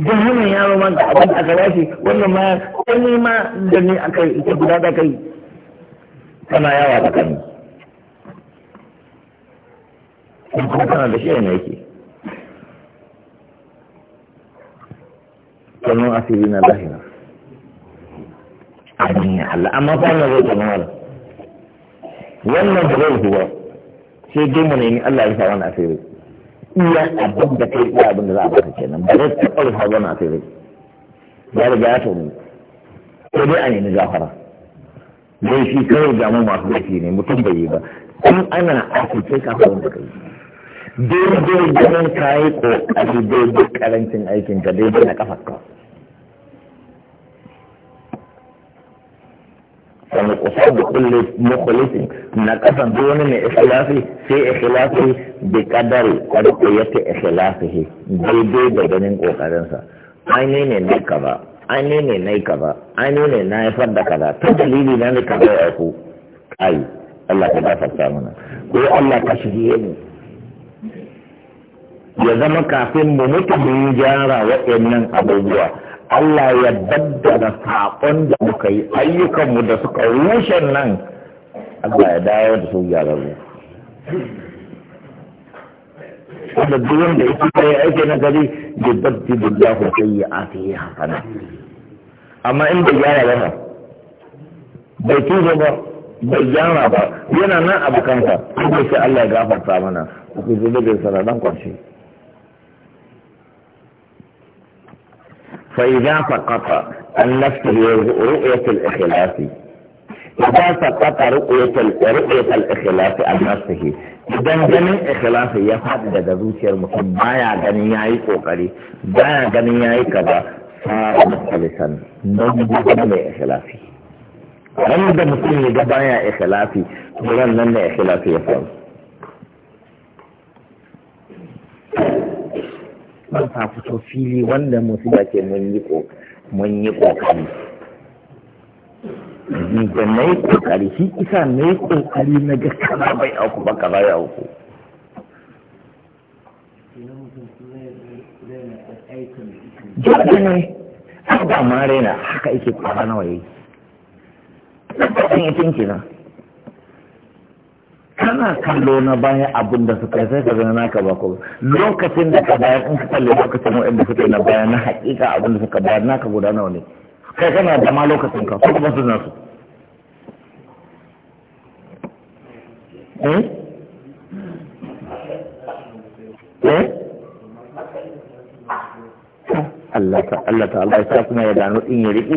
da hannun yaro ma da abin aka bashi wannan ma wani ma da ni aka yi ita guda da kai kana yawa da kan in kuma kana da shi ne yake kanu asiri na lahira a duniya Allah amma fa wannan zai kanu wala wannan da zai zuwa sai dai mu ni Allah ya sa wani asiri iya abin da kai iya abin da za a baka kenan ba zai taɓa rufa zuwa na sai ya riga ya tono ko dai a nemi gafara laifi kawai damu masu laifi ne mutum bai yi ba in ana asirce ka kawai da kai daidai ganin ka yi ƙoƙari daidai karancin aikinka daidai na kafarka da kulle mukhalifin na kasan duk wani ne ikhlasi sai ikhlasi bi kadari yake ya he? ikhlasi daidai da ganin kokarinsa ai ne ne na ka ba ai ne ne na ka ba ai ne ne na haifar da kaza ta dalili na ne ka ba ya ku ai Allah ka ba fasa mana ko Allah ka shige mu ya zama kafin mu mutu mun jara wa'annan abubuwa Allah ya baddala saƙon da muka yi ayyukanmu da suka rushe nan Allah ya dawo da su gyararru. Wanda duk da yake kai ya aiki na gari ya baddi billahu sai ya ake yi hasana. Amma in bai gyara ba bai tuzo ba bai gyara ba yana nan abu kansa sai Allah ya gafarta mana ku zo da bai sanadan kwanci. فإذا فقط النفط هي رؤية الإخلاف إذا فقط رؤية, رؤية الإخلاف النفط idan ganin ikhlasu ya faɗi daga zuciyar mutum baya ganin ya yi ƙoƙari baya ganin ya yi kaza sa'a da kalisan don yi gaba mai ikhlasu wanda mutum ya gaba ya ikhlasu wurin nan da ikhlasu ya faru ban ta fito fili wanda musu da ke mun yi mun yi kokari ni da na yi kokari shi isa na yi kokari na ga kana bai auku ba kaza ya auku jaɗa ne an ba ma raina haka yake kwana nawa yayi ɗan tinki na. kana kallo na bayan abin da suka sai ka zana naka ba ko lokacin da ka bayar in ka kalli lokacin wa'anda suka yi na bayan na hakika abin da suka bayar naka guda nawa ne kai kana da ma lokacin ka kuma su na su eh eh Allah ta Allah ta Allah ya sa kuma ya gano in ya riƙe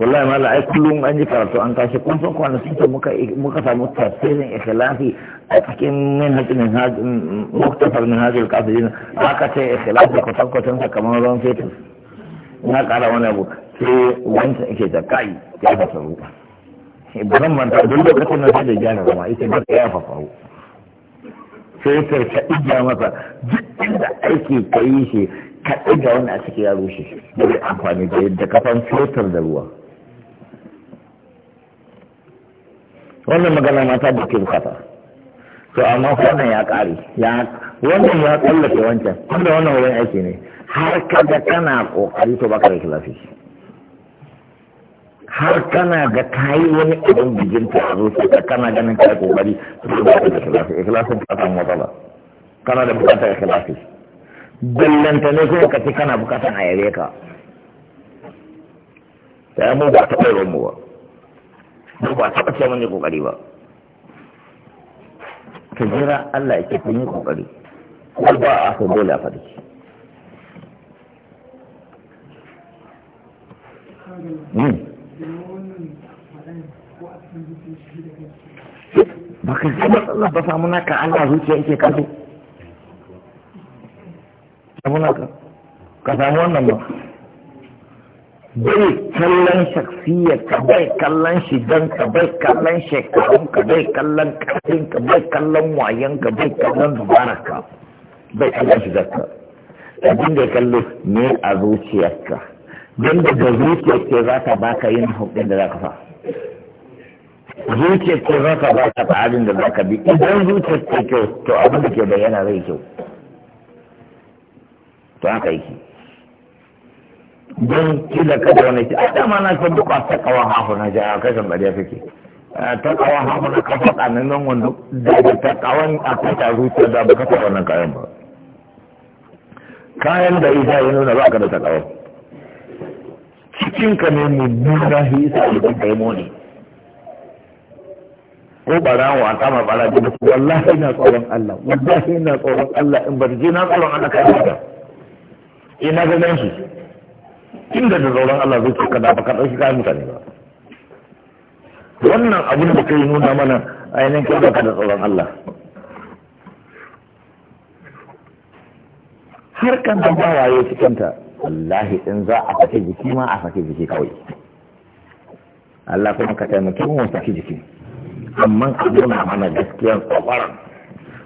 wallahi mala ai kullum an ji karatu an tashi kun san kwanakin ta muka muka samu tasirin ikhlafi a cikin min min hajjin muktafar min hajjin na aka ce ikhlafi kwatan kwatan sa kamar ruwan fetur na kara wani abu sai wancan ke da kai ya fasaru ibrahim manta duk lokacin na sai da gyara zama ita ba ya fasaru sai ta ka iya masa duk inda aiki ka yi shi ka ɗiga wani a ciki ya rushe da amfani da yadda kafan fetur da ruwa wannan magana mata da ke bukata to amma wannan ya kare ya wannan ya tsallake wancan wanda wannan wurin aiki ne har ka ga kana kokari to baka da kilafi har kana ga kayi wani abin bijinta a zuciya kana ganin kai kokari to baka da kilafi ikhlasin ka ta matsala kana da bukatar ikhlasi dallanta ne kuma ka ce kana bukatar a yare ka yi mu ba ta bai mu ba ko ba taɓa ce mun yi kokari ba ka jira Allah ya ce kun yi kokari ko ba a so dole a faɗi hmm. ba ka ba Allah ba samu naka Allah zuciya yake kaso samu naka ka samu wannan ba bai kallon shaksiyar ka bai kallon shigan ka bai kallon shekarun ka bai kallon karfin ka bai kallon wayan ka bai kallon dubara ka bai kallon shigar ka abin da kallo ne a zuciyarka don daga zuciyar ce za ta baka yin hukun da za ka fa zuciyar ce za ta baka tsarin da za ka bi idan zuciyar ce kyau to abin da ke bayyana zai kyau to haka yake don kila kada wani ce a dama na san bukwa ta kawo hafu na ji a kashin bariya ke ta kawo hafu na kafa tsanin nan wanda daga ta kawon a kasa zuciya da baka ta wannan kayan ba kayan da isa ya nuna ba ka da ta kawo cikin ka ne nuna shi isa ya ji kaimo ne ko bara wa kama jini da wallahi ina tsoron Allah wallahi ina tsoron Allah in bar ji na tsoron Allah kai ina ga nan shi inda da zauren Allah zai ce kada baka dauki kayan mutane ba wannan abin da kai nuna mana ainihin kai baka da tsoron Allah har kan da ba waye cikinta, wallahi in za a sake jiki ma a sake jiki kawai Allah kuma ka taimake mu sake jiki amma a nuna mana gaskiyar tsoron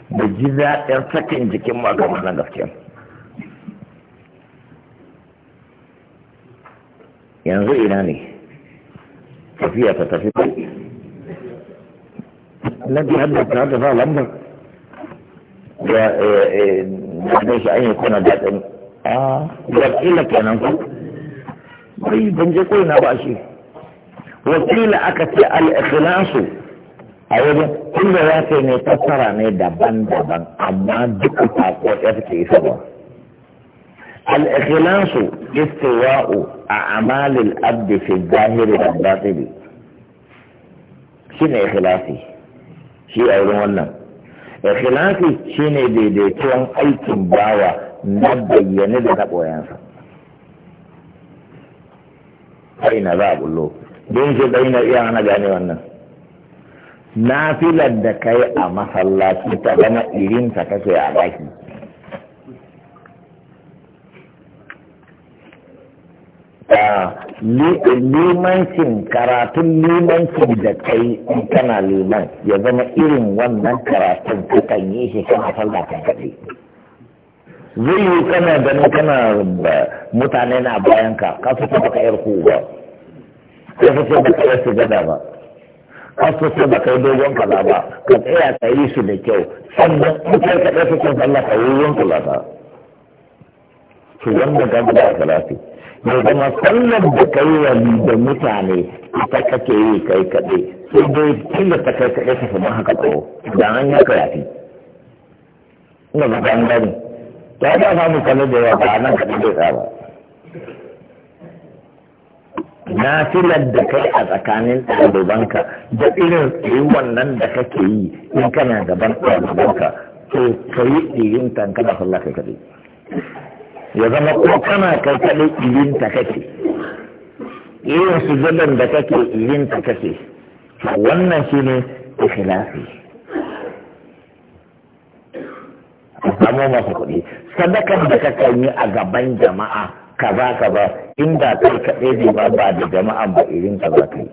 da ji daɗin sakin jikin ma a kan wannan gaskiyar yanzu ina ne tafiya ta tafi ko الذي يحدث da فهو الأمر ليس أن يكون ya آه وقيل كان ku bai ban je koina ba shi wakila aka ce al-ikhlasu a yau kullum ya ce ne tattara ne daban-daban amma duk ta ya suke isa sabon الإخلاص استواء أعمال الأب في الظاهر والباطن شنو إخلاصي شيء أولا ولا إخلاصي شنو ديديتون أي تباوى نبين لنبو ينفع أين ذا أقول له بين شدين إيه أنا جاني ولا nafilar da kai a masallaci ta zama irinta kake a baki limancin karatun limancin da kai in kana liman ya zama irin wannan karatun ka kan yi shi kana sallah kan kaɗai zai yi kana ganin kana mutane na bayan ka ka su ta baka yar ba ka su ta baka yar sujada ba ka su ta baka yi dogon kaza ba ka tsaya ka yi su da kyau sannan in kai kaɗai su kan sallah ka yi yin kula ba su wanda gaba da kalafi ya zama sallar da kai wani da mutane ita kake yi kai kaɗe sai dai da ta kai kaɗe ta fi haka tsawo da an yi haka yafi ina ba ta gani ta da samu kalli da yawa ba nan kaɗai zai tsaba na filar da kai a tsakanin ɗalibanka da irin yi wannan da kake yi in kana gaban ɗalibanka to ka yi ɗirin tankana sallah kai kaɗai ya zama ko kana kai kaɗai ilinta kake irin su sujudan da kake ilinta kake wannan shi ne ikhlasi a samu masa kuɗi sadakar da ka yi a gaban jama'a kaza kaza inda kai kaɗai ne ba ba da jama'a ba irin ta za ka yi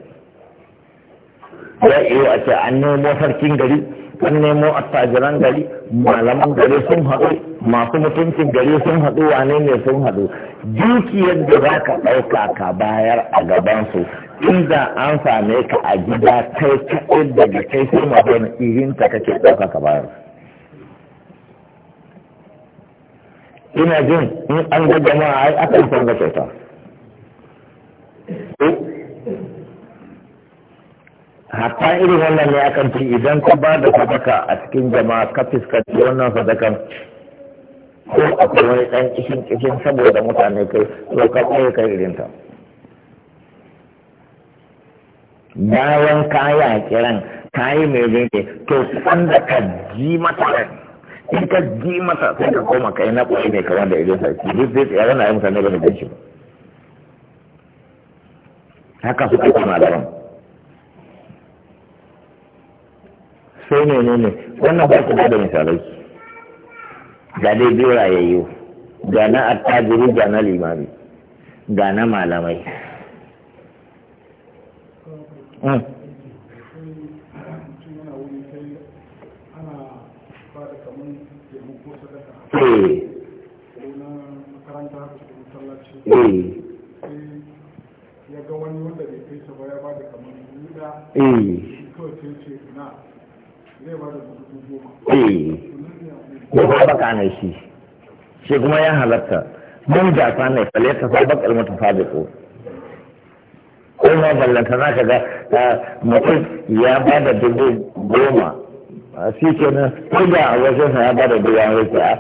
ya iya a ce an nemo sarkin gari an nemo attajiran gari malaman gari sun haɗu masu mutuncin gari sun haɗu wane ne sun haɗu dukiyar da za ka ɗauka ka bayar a gabansu inda an same ka a gida kai kaɗai daga kai sai irin ta kake ɗauka ka bayar ina jin in an ga jama'a ai akan san ga kyauta eh? hatta irin wannan ne akan ce idan ka ba da sadaka a cikin jama'a ka fuskanci wannan sadakan ko akwai wani ɗan kishin kishin saboda mutane kai to ka tsaye kai irin ta bayan ka yi a kiran ka yi mai rinke to sanda ka ji mata in ka ji mata sai ka koma kai na ƙwai ne kamar da irin sarki duk zai tsaye wani ayi mutane ba da haka suka kama da ran sai menene wannan ba su da misalai ga dai biyu rayayyu ga na attajiri ga na limami ga na malamai hmm. eh. Eh. ya ga wani wanda bai kai ba ya ba da kamar eh ko ba baka shi shi kuma ya halatta mun da fa ne fa lata fa bakal mutasabiqu ko ma ballanta za ka ga mutum ya ba da dubu goma shi ke nan ko da a wajen sa ya bada dubu an rike a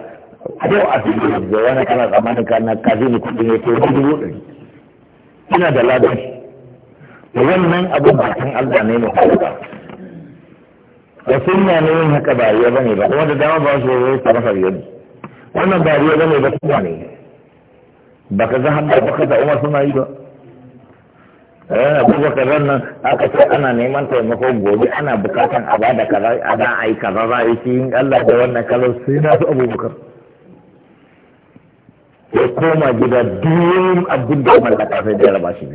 ko a cikin da wani kana tsammanin ka na kafi ni kudin ya ke dubu ɗari ina da ladan wannan abin ba kan Allah ne mu ba da sunna ne yin haka ba riya bane ba kuma da dama ba su yi ta masa riya wannan ba riya bane ba kuma ne ba ka ga da ba ka da umar suna yi ba eh abubakar nan aka ce ana neman taimako gobe ana bukatan a bada kaza a da ai kaza za a yi in Allah da wannan kalar sai na su abubakar ya koma gida duk abin da ya mallaka sai da ya raba shi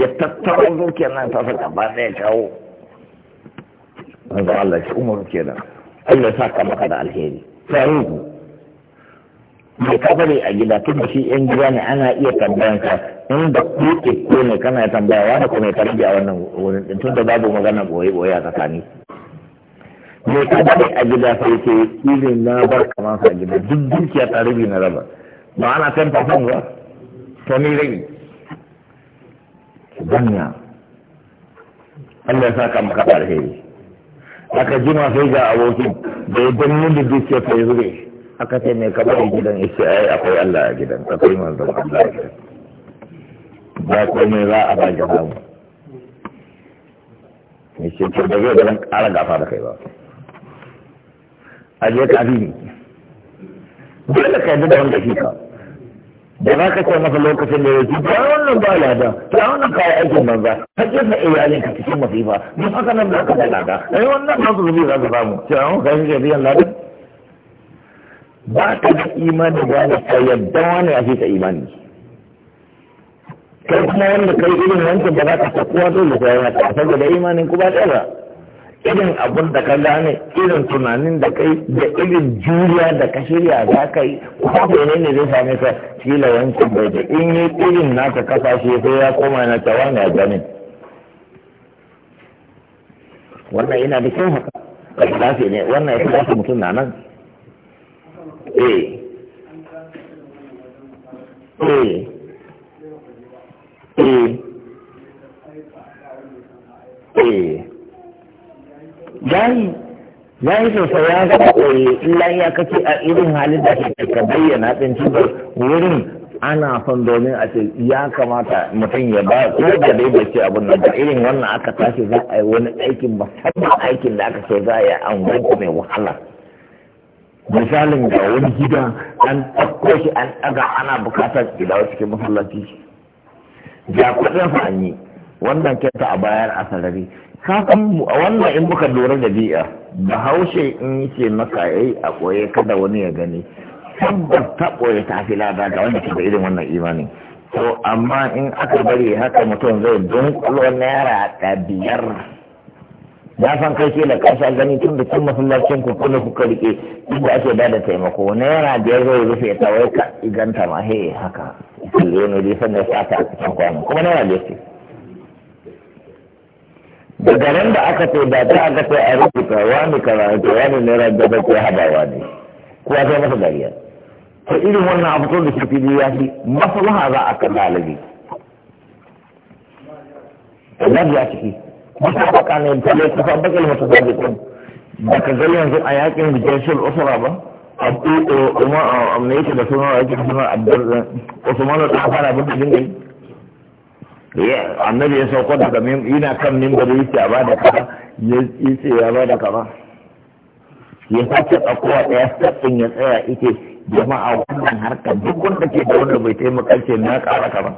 ya tattara zuciyar nan ta saka ba sai ya kawo manzo Allah shi umaru kenan Allah ta ka maka da alheri faruku mai kabari a gida tun da shi yan gida ne ana iya tambayan ka inda kuke ko ne kana tambaya wani ko mai tarbiya wannan wurin din tun da babu magana boye boye a tsakani mai kabari a gida sai ke izin na bar kamar sa gida duk dukiya ta rubi na raba ba ana kan fasan ba to ni rai danya Allah ya saka maka alheri aka jima sai ga abokin da ya danne da dukiyar ta zube aka ce mai kaba a gidan ya ce ai akwai Allah a gidan akwai manzon Allah a gidan ba komai za a baki samu ya ce ce da zai gaban kara gafa da kai ba a je kafi ne dole ka yi da wanda shi ka da za ka ce masa lokacin da ya ci ba wannan ba lada ta wannan kayan aikin banza ka jefa iyalin ka cikin masifa don haka nan za ka da lada ai wannan masu zubi za ka samu ta yawon kayan shi biyan lada ba ka da imanin wani ka yadda wani a ka imani kai kuma wanda kai irin wancan ba za ka sakuwa dole sai ya ta saboda imanin ku ba ɗaya irin abun da ka gane irin tunanin da kai da irin juriya da ka shirya za ka yi ko ne ne zai same ka kila yankin bai da in yi irin naka kasashe sai ya koma na tawa ne a ganin wannan yana da kyau haka ikhlasi ne wannan ya ikhlasi mutum na nan eh eh eh eh yayi yayi sosai ya ga koyi illa ya kace a irin halin da ka bayyana din cewa wurin ana son domin a ce ya kamata mutum ya ba ko da dai bai ce abin nan da irin wannan aka tashi za a yi wani aikin musamman aikin da aka ce za a yi an gudu mai wahala misalin ga wani gida an ɗauko shi an ɗaga ana bukatar wasu cikin masallaci ga kuɗin sa an yi wannan kenta a bayar a salari ka san wannan in muka lura da bi'a da haushe in yake maka yayi a koye kada wani ya gani tabbas ta koye ta fi lada ga wanda ke da irin wannan imanin to amma in aka bari haka mutum zai dunkulo naira da biyar ya san kai ke da kasa gani tun da cin masallacin ku kuna kuka rike inda ake bada taimako naira biyar zai rufe ta wai ka iganta ma he haka kalle ne dai sata a cikin kwanan kuma naira biyar ce daga nan da aka ce da ta aka ce a rubuta wani karatu wani naira da ta ce hadawa ne kuwa ce masa dariya to irin wannan abu to da shi fili ya fi maslaha za a kan da Allah ya ciki masa baka ne ta ne kusa bakal kun da ka ga yanzu a yakin bijashul usra ba abu eh, umma eh, amne yake da sunan yake da sunan abdur usman da ta fara bin dinga annabi ya sauko daga yana kan mimbar yake a bada kaza ya ce ya bada kaza ya sace tsakowa ɗaya sassan ya tsaya ike jama'a wannan harkar duk wanda ke da wanda bai taimaka ce na ƙara kaza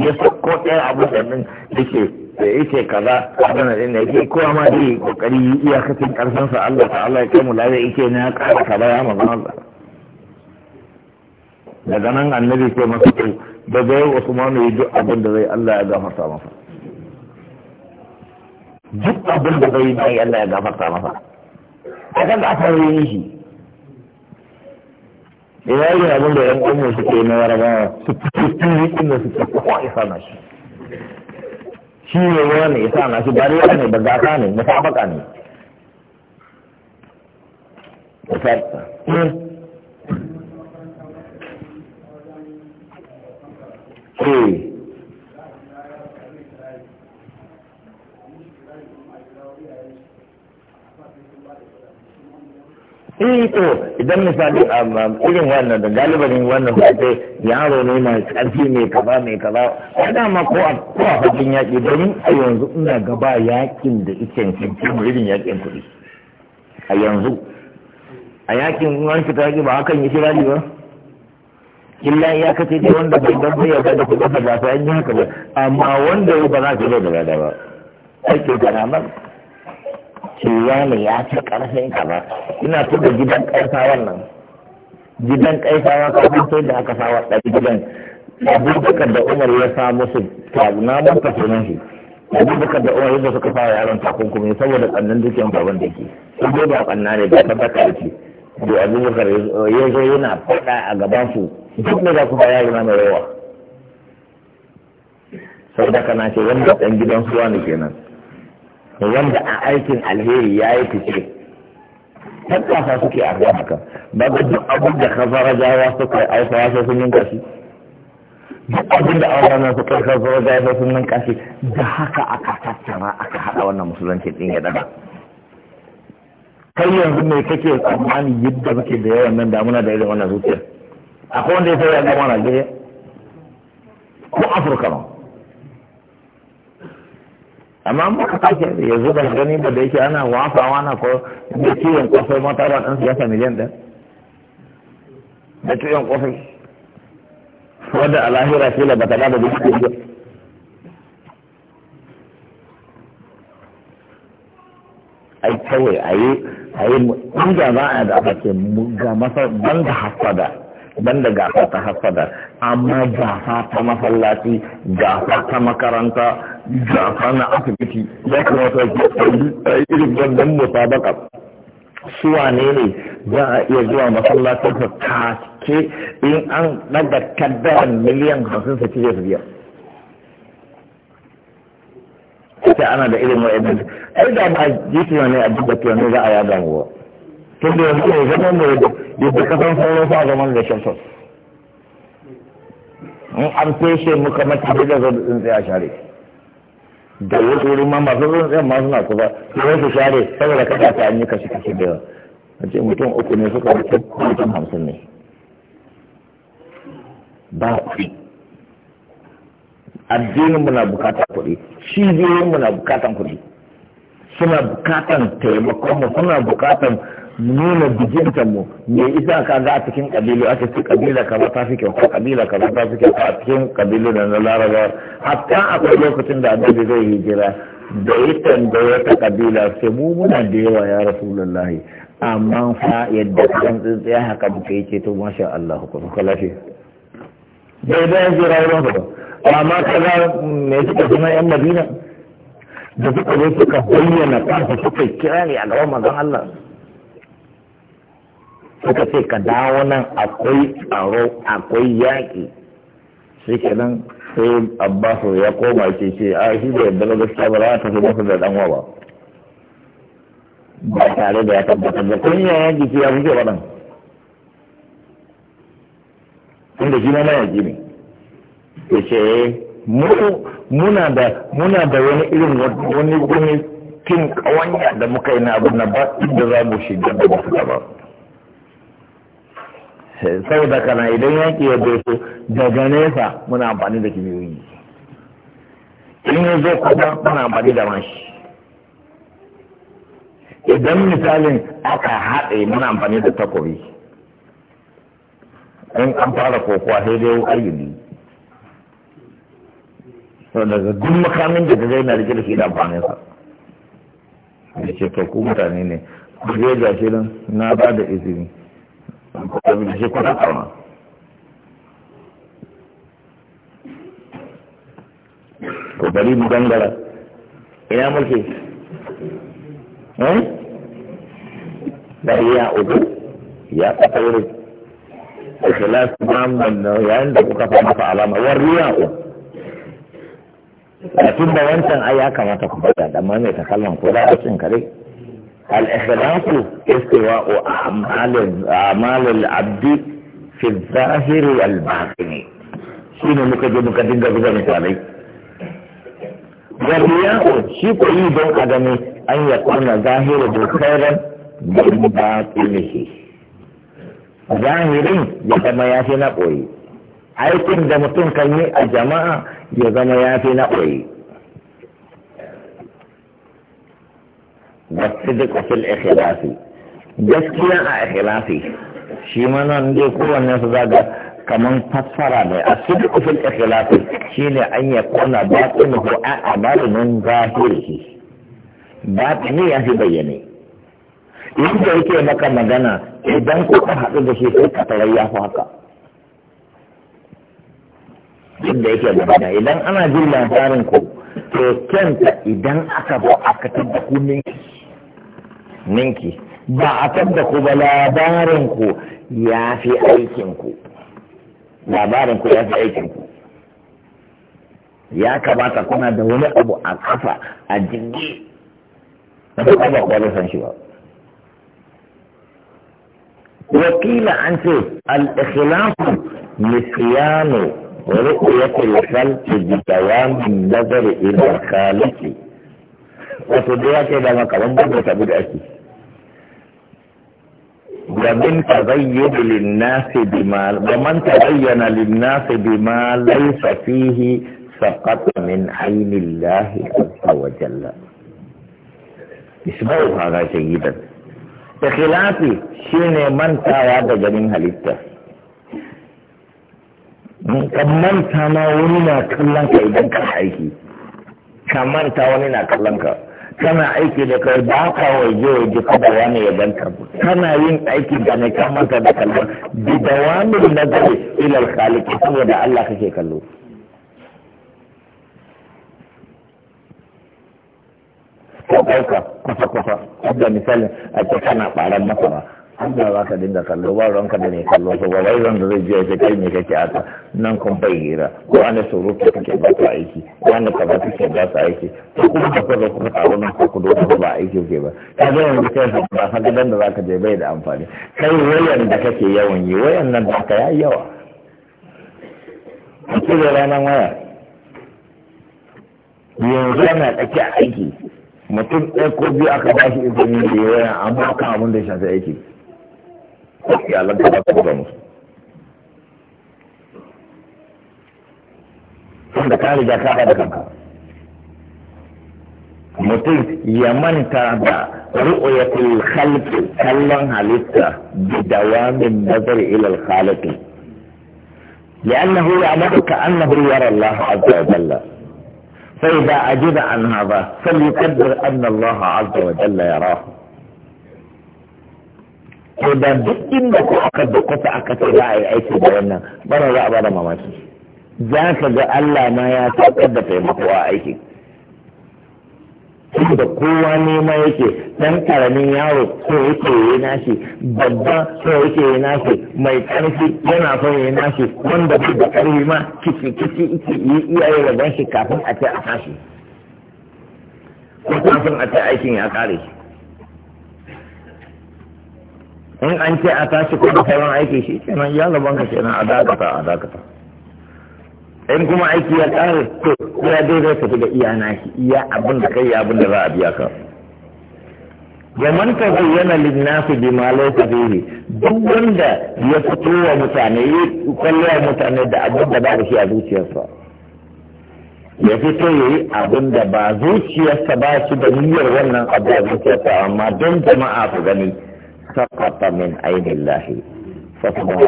ya sauko ɗaya abu nan da ke da yake kaza abin da ne yake kowa ma da ya kokari iyakacin ƙarfinsa Allah ta Allah ya kai mu lafiya ike na ƙara kaza ya magana Allah daga nan annabi ce masa daga yau Usmanu yi duk abin da zai Allah ya gafarta masa duk abin da zai yi Allah ya gafarta masa a kan aka yi shi ya yi abin da yan su suke na yaraba su fito yi su suke kowa isa na shi shi ne wani isa na shi ba dai ne ba gasa ne musabaka ne hmm. musabaka eh to idan misali um, um, irin wannan da galibin wannan sai yaro ne mai ƙarfi mai kaza mai kaza ya dama ko a ko a fagen yaƙi domin a yanzu ina gaba yaƙin da iken cikin irin yaƙin kuɗi a yanzu a yakin wani fita yaƙi ba hakan yi kirari ba illa ya kace dai wanda bai dan bai yarda da kuɗin da ba sai an yi haka ba amma wanda ba za su yi da gada ba aikin gana na nan cewa ne ya ta karfin ka ba ina tuka gidan ƙarfa wannan gidan ƙarfa ma ka san da aka sawa da gidan abubakar da umar ya sa musu na manta sunan shi abubakar da umar yadda suka fara yaron takunkumi saboda ƙannan dukiyan baban da ke sun dai ba ƙanna ne da tabbata da ke da abubakar ya zo yana faɗa a gaban su duk ne za ku fara yana mai yawa sau da kana ce wanda ɗan gidan suwa ne kenan wanda a aikin alheri ya yi fice tattafa suke a kan haka ba ga duk abin da kafara jawa suka yi aisa ya sun yin kashi duk abin da auka na suka kafara jawa sun yin kashi da haka aka tattara aka haɗa wannan musulunci ɗin ya daga kai yanzu mai kake tsammani yadda muke da yawan nan damuna da irin wannan zuciyar akwai wanda ya sauya gama Najeriya ko Afirka ma amma an baka ya yanzu da gani ba da yake ana wafawa na ko da ciwon kofar mata ba ɗan siyasa miliyan ɗan. da ciwon kofar wadda a lahira kila ba ta da duk ba ai kawai a yi a yi ba za a da aka ce ga masa ban da hasada banda gafa ta hafada amma gafa ta masallaci gafa ta makaranta gafa na asibiti ya kamata a irin wannan musabaka suwa ne ne za a iya zuwa masallacin su take in an daga kaddaran miliyan hamsin sa cire su biyar sai ana da irin wa'adun ai da ba ji tunani a duk da tunani za a yaga mu tun da yanzu ya zama da yadda kasan sauran sa zaman da shamsas in an feshe muka mata da zo da tsintsai a share da ya wurin ma masu tsintsai ma suna kusa su wai su share saboda kada ta an yi kashe kashe da yawa a ce mutum uku ne suka mutum mutum hamsin ne ba kuɗi addinin mu na bukatan kuɗi cibiyoyin mu na bukatan kuɗi suna bukatan taimakon mu suna bukatan nuna bikintan mu me isa ka ga a cikin kabilu a cikin kabila ba ta fi kyau ko kabila ba ta fi kyau a cikin kabilu da na laraba hatta akwai lokacin da annabi zai hijira da ita da ta kabila sai mu muna da yawa ya rasulullahi amma fa yadda kan tsintsiya haka muka to masha Allah ku suka lafiya bai da jira rayuwar ku ba amma kaza me suka kuma yan madina da suka zo suka bayyana kansu suka kira ne a gaban manzon Allah suka ce ka dawo nan akwai tsaro akwai yaƙi shi nan sai abbasu ya koma ce ce a shi ah, da yadda gaskiya ba za a tafi masa da danwa ba ba tare da ya tabbatar da kunya yaƙi jiki ya fuke waɗan inda shi ma na yaƙi ne ya ce eh, muna da muna da wani irin wani wani kin kawanya da muka yi na abu na ba inda za mu shiga da masu gaba. ba saboda kana idan yaƙi ya doso daga nesa muna amfani da kimiyoyi in ya zo kuma muna amfani da mashi idan misalin aka haɗe muna amfani da takobi in an fara kokowa sai dai ayyuli daga duk makamin da ta zai na rike da shi da sa da ce to ku mutane ne ku zai gashi nan na ba da izini da shi kuɗin ƙarna to mu eh? ya uku ya kafa wurin ikhlas mamman yayin da kuka alama war riya'u lakin da wancan ai ya kamata ku bada da mai ta kalman da cin الإخلاص استواء اعمال اعمال العبد في الظاهر والباطن شنو ممكن ممكن تنقذ مثالي والرياء شيء قريب ادم ان يكون ظاهر خيرا من باطنه ظاهر يتم يافي نقوي aikin da mutum kan yi a jama'a ya zama ya fi na ƙoyi والصدق gaskiya a ikhlasi shi mana nan kowanne su zaga kaman fassara ne a sidqu fil ikhlasi shine an ya kona batinuhu a amalin zahirihi ne ya fi bayyane da yake maka magana idan ka haɗu da shi sai ka tarar ya fi haka da yake magana idan ana jin labarin ku to kenta idan aka bo aka tabbaku ne ninki ba a tabda ku ba labarin ku ya fi aikinku ku ya fi aikin ya kamata kuna da wani abu a kafa a jirgi na ba kuwa san shi ba wakila an ce al-ikhlasu nisyanu ru'yatul khalqi bi tawamin nazari ila khaliqi wato da ya ce da maka ban da ta gudu ake ومن تزين للناس بما ومن bima للناس بما ليس فيه سقط من عين الله عز وجل اسمعوا هذا جيدا بخلاف شين من جنين kan manta ma wani na kallon ka idan ka haiki kan manta wani na kallon ka kana aiki da kai ba ka waje waje da wani ya ba kana yin aiki da ne kan maka da kalma bi da wani nazari ila khaliq saboda Allah kake kallo ka ɗauka kusa kusa da misalin a ce kana ɓaran masara da za ka dinga kallo ba ranka da ne kallo so ba wai da zai je ya kai ne kake ata nan kun bai gira ko an so ka kake ba ta aiki ko ana ka ba kake ba ta aiki ko kuma ka kaza ko taro nan ko ku ba aiki ke ba ka ga yanzu kai ka ba ka gidan da zaka ka je bai da amfani kai wayan da kake yawan yi wayan nan da ka yayi yawa a cikin ranan waya yanzu yana tsaki aiki mutum ɗaya ko biyu aka ba shi izini da yawa amma kan abin da ya shafi aiki iyalan ka za su buga musu da ka riga ka da kanka mutum ya manta da ru'yatul khalqi kallon halitta bi dawamin nazar ila al-khaliq لأنه يعلمك أنه يرى الله عز وجل فإذا أجد عن هذا فليقدر أن الله عز وجل يراه ko da duk inda ko aka dokota aka ce za a yi aiki da wannan bara za a bada mamaki za ka ga Allah ma ya saukar da taimako a aiki da kowa nema yake ɗan karamin yaro ko yake yi nashi babba ko yake yi nashi mai ƙarfi yana son yi nashi wanda bai da karfi ma kici kici yi iyaye da ganshi kafin a ce a tashi kafin a ce aikin ya kare shi in an ce a tashi kuma sauran aiki shi kenan ya gaban ka kenan a dakata a dakata in kuma aiki ya kare to ya daidai tafi da iya na shi iya abin da kai abin da za a biya ka zaman ta bayyana linnafi bi malai ta zai duk wanda ya fito wa mutane ya kwallo wa mutane da abin da ba da shi a zuciyarsa ya fito ya yi abin da ba zuciyarsa ba shi da niyyar wannan abu a zuciyarsa amma don jama'a su gani سقط من عين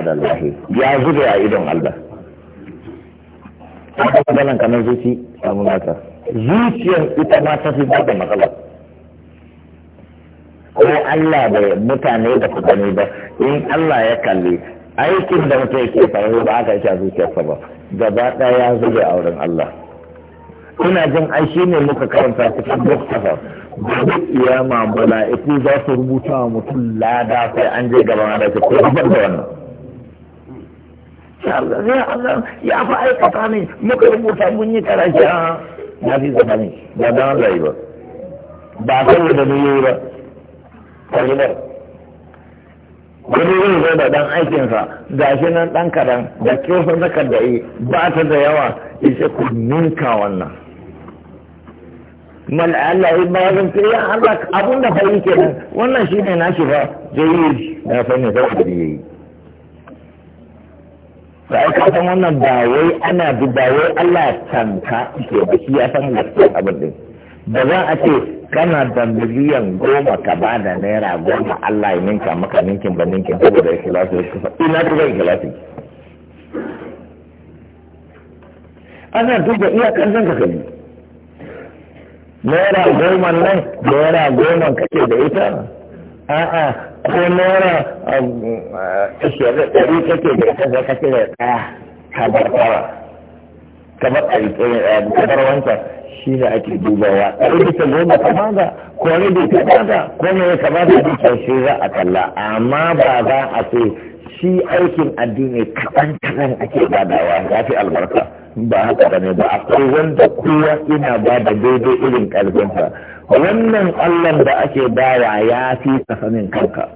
da lahi Ya zube a idon Allah. الله Apa kadalan kana zuci samu naka zuciyar ita ma ta fi bada matsala ko Allah da mutane da su gani ba in Allah ya kalli aikin da mutum yake faru ba aka yi a zuciyarsa ba gaba ɗaya ya zube a wurin Allah kuna jin ai shi ne muka karanta cikin muktafa iya kiyama mala'iku za su rubuta wa mutum lada sai an je gaba da ta ko bar da wannan ya fa aikata ne muka rubuta mun yi karashi a na fi zamanin ba da Allah yi ba ba saboda mu yi ba kalibar wani zai da dan aikinsa ga shi nan dan kadan da kyofar da da yi ba ta da yawa ya ce ku ninka wannan mal Allah ya ba zan ce ya Allah abun da ke nan wannan shi ne nashi fa jayyid na sani da yayi ba a kasan wannan ba wai ana bi ba wai Allah tanka ke ba shi ya san gaskiyar abin din ba za a ce kana da miliyan goma ka ba da naira goma Allah ya ninka maka ninkin ba ninkin saboda ya kilasi ya kusa ina ya zai kilasi ana duba iyakar zan ka kalli naira goma nan naira goma kake da ita a'a ko naira um, uh, ashirin ɗari kake da ita sai kake da ɗaya kabar tara kamar eh, kamar wanta shi da ake dubawa ɗari bisa goma kama da ko bai kama da ko ne kama da dukkan shi za a kalla amma ba za a ce shi aikin addini kaɗan kaɗan ake badawa ya fi albarka ba haka ba ne ba akwai wanda kowa ina ba da daidai irin ƙarfinsa wannan allon da ake bawa ya fi kasanin kanka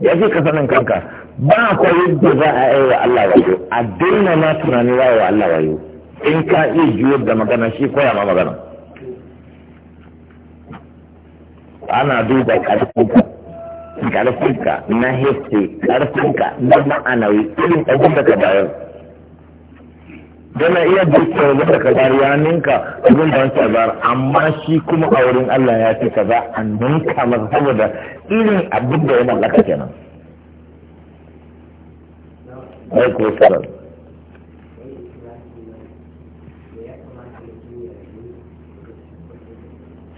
ya fi kasanin kanka ba kwa yadda za a yi wa allah wayo a daina ma tunani za wa allah wayo in ka iya juyar da magana shi koya ma magana ana duba ƙarfinka karfinka na hesse karfinka na ma'anawi irin abin da ka bayar dana iya dukkan wata kaza ya ninka abin da wancan zara amma shi kuma a wurin Allah ya ce kaza a ninka masa saboda irin abin da ya mallaka kenan ai ko sarar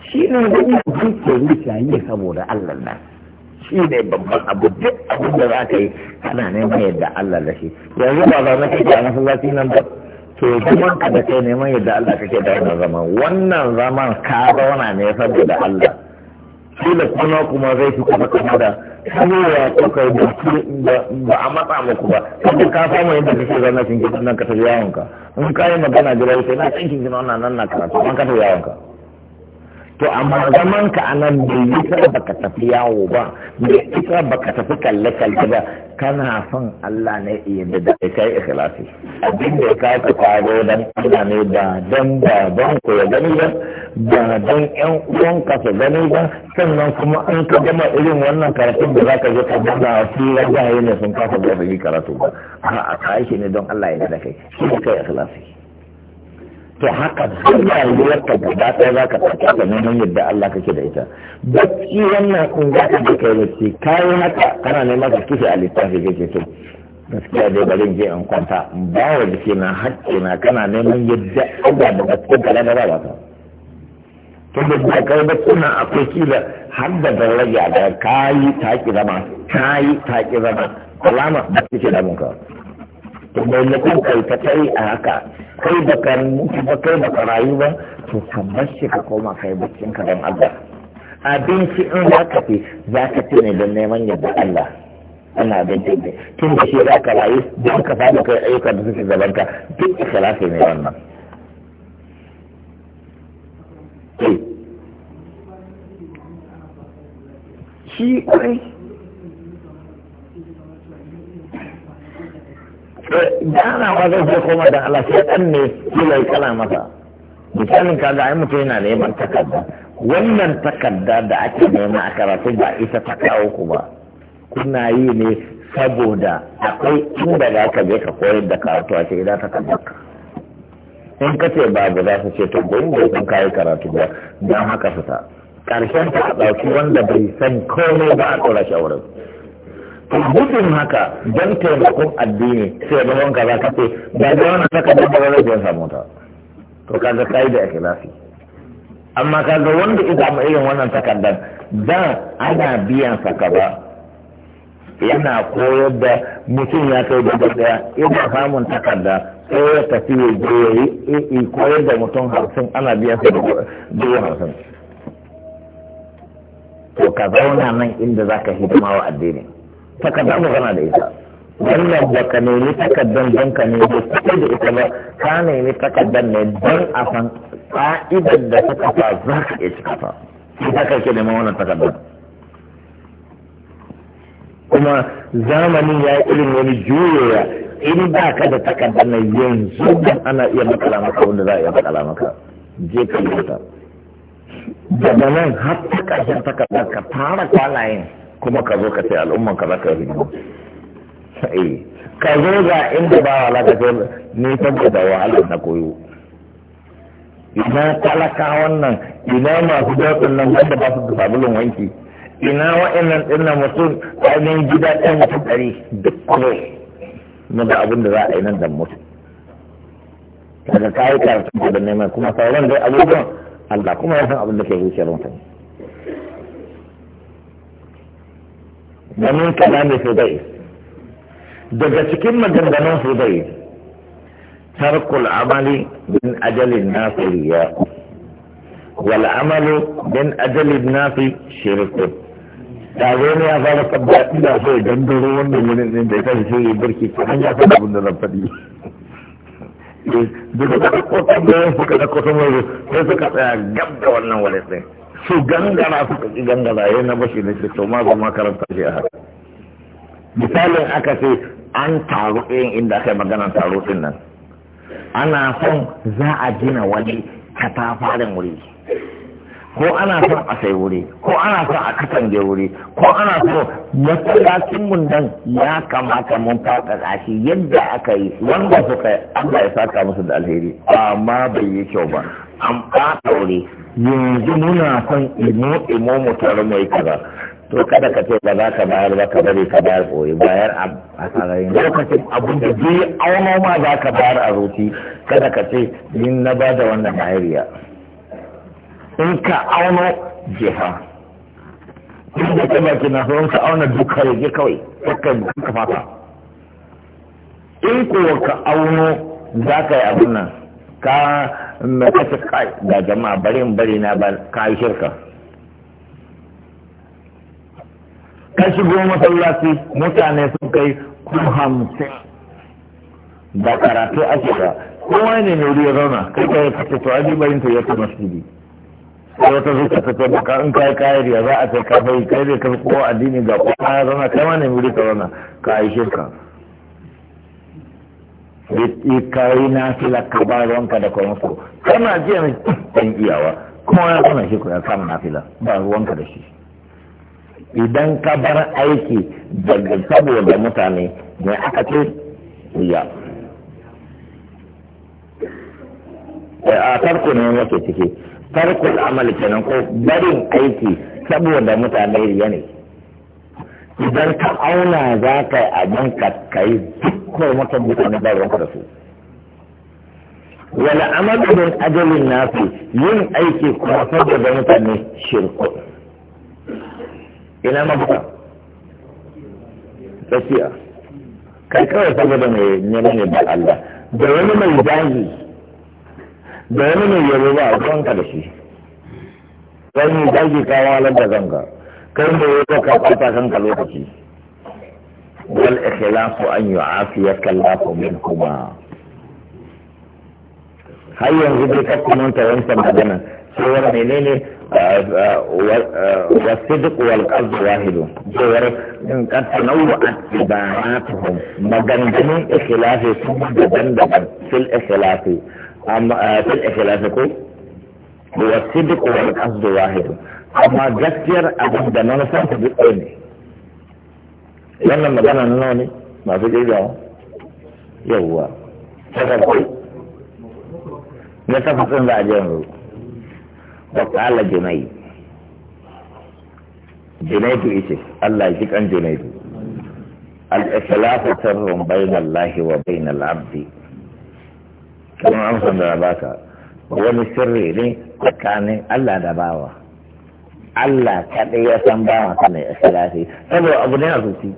shi ne da ina dukkan zuciya yi saboda Allah na shi ne babban abu duk abin da za ka yi kana neman yadda Allah da shi yanzu ba za ka yi a zafi nan ba to zaman ka da kai neman yadda Allah kake da wannan zaman wannan zaman ka zauna ne saboda Allah da kuma kuma zai fi kuma kama da ya ko kai da ba a matsa muku ba kuma ka samu yadda kake zauna cikin nan ka tafi yawon ka in ka yi magana jira sai na cikin wannan nan na karatu an ka tafi yawon ka to amma zaman ka anan nan bai baka tafi yawo ba bai ita baka tafi kalle kalle ba kana son Allah ne iya da da kai ikhlasi abin da ka ta faro dan Allah ne ba dan ba don ku ya gani ba ba dan ƴan uwan ka su gani ba sannan kuma an ka gama irin wannan karatun da zaka je ka gama su ya ne sun kafa da karatu ba a ka yi ne don Allah ya da kai shi kai ikhlasi to haka duk rayuwarka guda ɗaya za ka ɗauki ta neman yadda Allah kake da ita baki wannan kun za ka je kai bacci kayi haka kana neman ka kishi a littafi kake to gaskiya dai bari je in kwanta in ba wa jiki na hakki na kana neman yadda Allah da bacci ka da ba ta. to da ba kai bacci na akwai kila har da daraja da kayi taki zama kayi taki zama alama bacci ke damun ka to maimakon kai ta a haka kai baka mutu ba kai ka rayu ba to ka shi ka koma kai baccin ka don Allah abinci in za ka fi za ka fi ne don neman yadda Allah ana da ne tun da shi za ka rayu don ka samu kai ayyukan da suke ka duk ikhlasi ne wannan eh. shi kwai dana ba zai sai koma da Allah sai dan ne kila kana masa misalin kaga ai mutum yana neman takarda wannan takarda da ake nema a karatu ba ita ta kawo ku ba kuna yi ne saboda akwai inda za ka je ka koyar da karatu a cikin takardar ka in ka ce babu za su ce to goyin da sun kayi karatu ba dan haka fita karshen ta a ɗauki wanda bai san komai ba a ɗora shawarar gudun haka don taimakon addini sai da wanka za ka ce ba da wani saka da wani zai samu ta to ka kai da lafi amma kaga wanda ita samu irin wannan takardar da ana biyan sa kaza yana koyar da mutum ya kai da daya yana samun takarda ko ya tafi ya je ya yi koyar da mutum hamsin ana biyan sa da dubu hamsin to ka zauna nan inda zaka hidima wa addini takardar ba kana da ita wannan ba ka nemi takardar don ka nemi kuɗi da ita ba ka nemi takardar ne don a san ƙa'idar da ta kafa za ka iya cika ta kai kake neman wannan takardar kuma zamanin ya yi irin wani juyoya in ba ka da takardar na yanzu da ana iya makala maka wanda za a iya makala maka je ka yi ta daga nan har ta ƙarshen takardar ka fara kwalayen kuma ka zo ka ce al'umman ka za ka yi hidima eh, ka zo ga inda ba wala ka ce ni wa wahalar na koyo ina talaka wannan ina masu dafin nan wanda ba su da sabulun wanki ina wa'annan ina na mutum ainihin gida ɗan mutum ɗari duk kuma na da abin da za a yi nan da mutu daga kayi karatu da neman kuma sauran dai abubuwan Allah kuma ya san abin da ke zuciyar mutane da min su fudai daga cikin maganganun fudai tarkul amali bin ajalin nafi riya wal amalu bin ajalin nafi shirku da wani ya fara kabba ina so idan ruwan da wurin ne da ya shi sai barki ko an ya san abin da zan faɗi Duk da kotan da suka da kotan wani sai suka tsaya gab da wannan wani din su gangara suka ƙi gangara ya na bashi na to ma zo makaranta shi a haka misalin aka ce an taru ɗin inda aka yi magana taro ɗin nan ana son za a gina wani katafaren wuri ko ana son a sai wuri ko ana son a katange wuri ko ana son masallacin mun nan ya kamata mun faɗaɗa shi yadda aka yi wanda suka yi Allah ya saka musu da alheri amma bai yi kyau ba an ɓata wuri yanzu muna son imo imo mu taru mai kaza to kada ka ce ba za ka bayar ba ka bari ka bayar koyi bayar a sararin lokacin abin da zai auno ma za ka bayar a roti kada ka ce yin na ba da wannan bayariya in ka auno jiha in da kama ke na ka auna dukkan yake kawai kakkan ka fata in kuwa ka auno za ka yi abin nan ka na kace kai ga jama'a bari bari na ba ka yi shirka ka shigo masallaci mutane sun kai kun hamsin da karatu a shiga kowa ne ne wuri ya zauna kai kai ka ce to aji barin ta ya ta masjidi sai wata zuwa ta ce baka in kai kayar ya za a ce ka bai kai zai kai kowa addini ga kowa ya zauna kai ma ne wuri ka zauna ka yi shirka kai na fila ka ba ruwanka da kwaransu kana jiya mai ɗan iyawa kuma ya sana shi ya samun na fila ba ruwanka da shi idan ka bar aiki daga saboda mutane mai aka ce wuya eh, a tarko ne yake ciki tarko al'amali nan ko barin aiki saboda mutane riya ne idan ka auna za ka yi abin ka kai dukkan maka mutane ba ruwanka da su wala amal ajalin nasu yin aiki kuma saboda mutane shirku ina mabuka siya kai kawai saboda mai neman ne ba Allah da wani mai zagi da wani mai yaro ba a kwanka da shi wani zagi kawo halar da zanga kai da ka kwata kanka lokaci wal ikhlasu an yu'afiyaka Allahu har yanzu dai ka kuma ta wancan magana cewar menene والصدق والقصد واحد جوار قد amma gaskiyar abin da manufan ta duk ɗaya ne wannan magana na nawa ne masu ƙirgawa yawwa ta farko na tafasin za a je yanzu da ƙala junai junaidu ice Allah ya ji kan junaidu al-ikhlasu sirrun bainal lahi wa bainal abdi kuma amsan da baka wani sirri ne tsakanin Allah da bawa Allah kaɗai ya san ba masa a ikhlasi saboda abu ne a zuci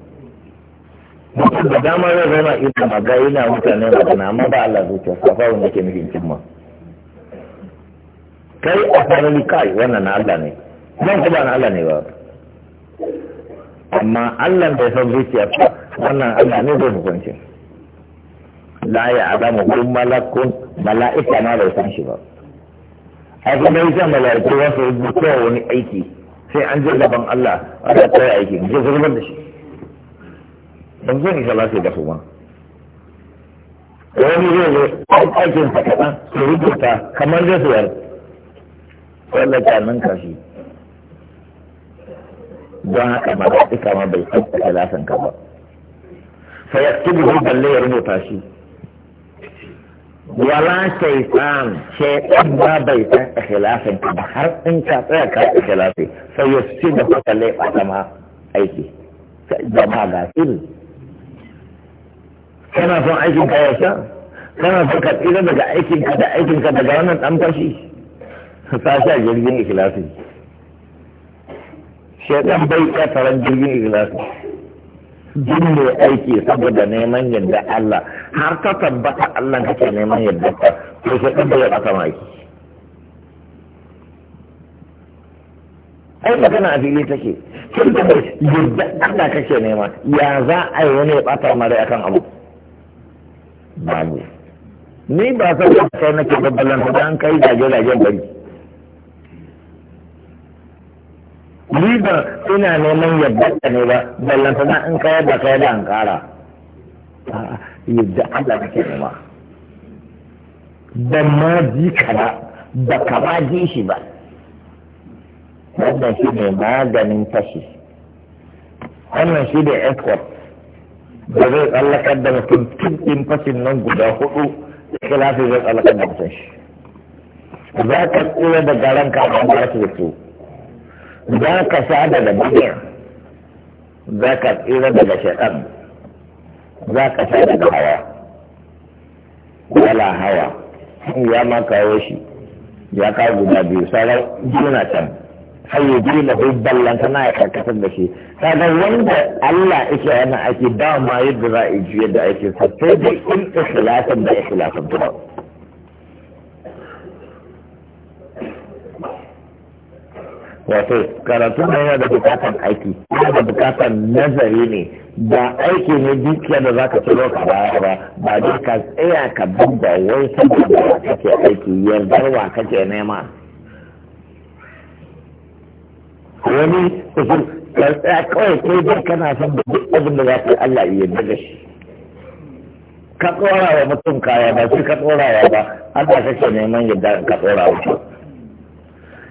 mutum da dama zai zama ina maga ina mutane magana amma ba Allah a safa wanda ke nufin cimma kai a farali kai wannan na Allah ne zan kuma na Allah ne ba amma Allah bai san zuciya ba wannan Allah ne zai hukunci la ya adamu kun malakun mala'ika ma bai san shi ba a mai yi sa wasu za su rubuta wani aiki sai an zai gaban Allah ana tsaye aiki je zurbar da shi ban zan isa lafiya da su ba wani zai zo an aikin sa kaɗan su rubuta kamar zai suwar wanda ta nan kashi don haka ba da ma bai san talatin ka ba fa yaktubu balle ya rubuta shi wala shaitan shaitan ba bai san ikhlasin ka ba har in ka tsaya ka ikhlasi sai ya ci da haka laifa zama aiki jama'a ga sirri kana son aikin ka ya sha kana son ka tsira daga aikin ka da aikin ka daga wannan dan fashi sa sha jirgin ikhlasi shaitan bai kasaran jirgin ikhlasi duk mai aiki saboda neman yadda Allah har ta tabbata Allah kake neman yadda ka to shi kan bai kasa mai ai magana a fili take kin da yadda Allah kake nema ya za a yi wani ya bata mare akan abu ba ni ba sai ka nake babbalan ta an kai gaje gaje bari ni ba ina neman yadda ka ne ba ballanta na in kayar da kayar da an kara yadda Allah kake nema ban ma ji ka ba ka ma ji shi ba wannan shi ne maganin tashi wannan shi ne escort da zai tsallakar da mutum tuɗin fashin nan guda hudu da kilafi zai tsallakar da mutum shi za ka tsira da garan ka a da su za ka sada da bid'a za ka tsira daga shaɗan za ka sada da hawa wala hawa ya ma kawo shi ya kawo guda biyu sauran juna can har ya ji na hubballan tana ya karkatar da shi kaga wanda Allah yake wannan ake dama yadda za a yi da ake sa sai dai in ikhlasin da ikhlasin tuba wato karatu na yana da bukatan aiki yana da bukatan nazari ne ba aiki ne dukiya da za ka ciro ka baya ba ba dai ka tsaya ka duba wai saboda wa kake aiki yardar wa kake nema wani kusur ka tsaya kawai kai dai kana son da duk abin da za ka yi Allah ya yarda da shi ka tsorawa wa mutum kaya ba shi ka tsorawa wa ba Allah kake neman yadda ka tsorawa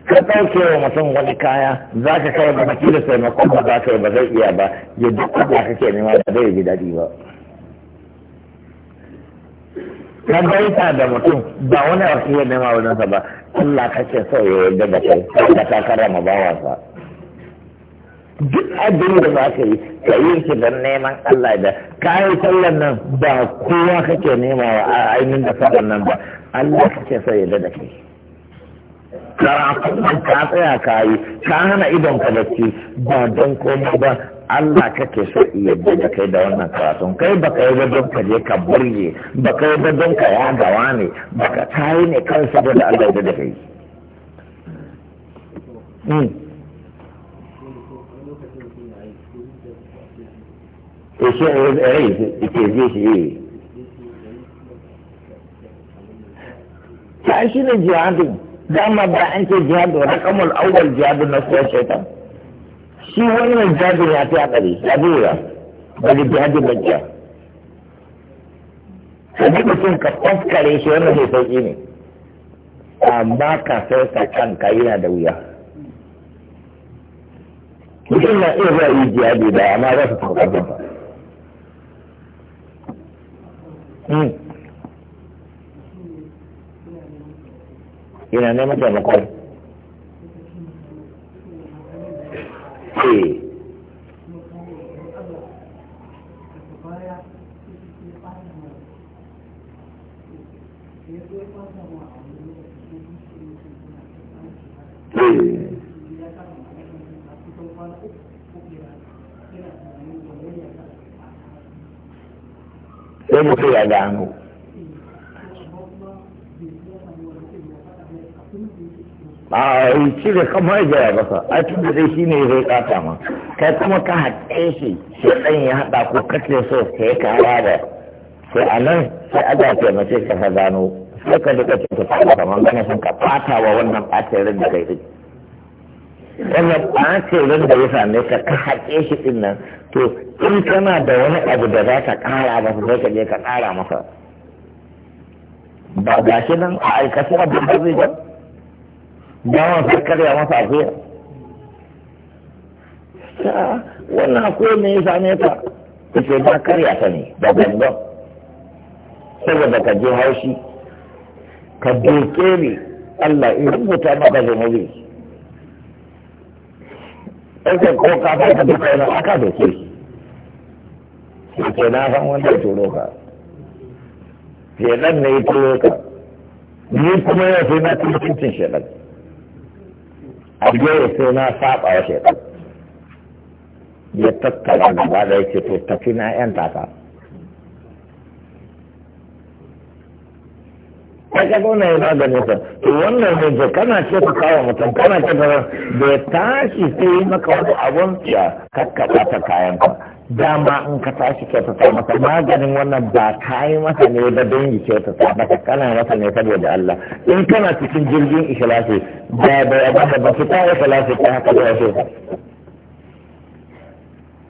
ka ɗauke wa mutum wani kaya za ka kawai da baki da taimakon ba za ka ba zai iya ba ya duk da kake nema ba zai ji daɗi ba ka baita da mutum ba wani wasu ya nema sa ba Allah kake so ya yarda da kai da ka karama wasa duk abin da za ka yi ka yi shi don neman Allah da kayan sallan nan ba kowa kake nema wa ainihin da sallan nan ba Allah kake so ya yarda da kai ka tsaya ka yi ka hana idon ka bacci ba don komai ba Allah kake so iya da kai da wannan karatun kai ba yi ba don ka je ka burge ba yi ba don ka ya gawa ne ba ka tayi ne kan saboda Allah ya da kai ya yi ke zai shi eh, yi. Eh. Ta shi ne jihadin dama da an ce jihar jihadu rakamul awwal jihadu na kuwa shaitan shi wannan jihadu ya fi akari ya zuwa daga jihadu bajja ka ji mutum ka kare shi wannan mai sauki ne amma ka sauka kanka yana da wuya mutum na iya zuwa yi jihadi da amma za su tafi ƙarfin yana neman taimakon eh. eh sai mutu ya gano a cire kama ya jaya masa a tun da shi ne zai kata ma kai kuma ka haɗe shi shi ɗan ya haɗa ko kace so yi kara da sai a nan sai a zafi mace ka fa gano sai ka duka ce ta fara kama gane sun ka fata wa wannan ɓacin da kai ɗin wannan ɓacin da ya same ka ka haɗe shi ɗin nan to in kana da wani abu da za ka ƙara masa sai ka je ka ƙara masa ba ga shi nan a aikata abin da zai gaba dawon sai karya masa akuya ta wannan akwai ne ya same ta ta ce ba karya ta ne da gangan saboda ka je haushi ka doke ne Allah in rubuta maka zunubi ɗauke ko ka fa ka duka yana aka doke shi ke na san wanda ya turo ka nan ne ya turo ka ni kuma yau sai na tuntun shedan a sai na saba wa shaitan ya tattara da ba da yake to tafi na yan tata ya ga gona yana da to wannan ne da kana ce ka kawo mutum kana ce da tashi sai maka wani abun ya kakkaɓa ta kayan ka dama in ka tashi kyautata masa maganin wannan ba ka yi masa ne da don yi kyautata masa kana masa ne saboda Allah in kana cikin jirgin ikhlasi ba ba ba ba ki ta ikhlasi ta haka da wasu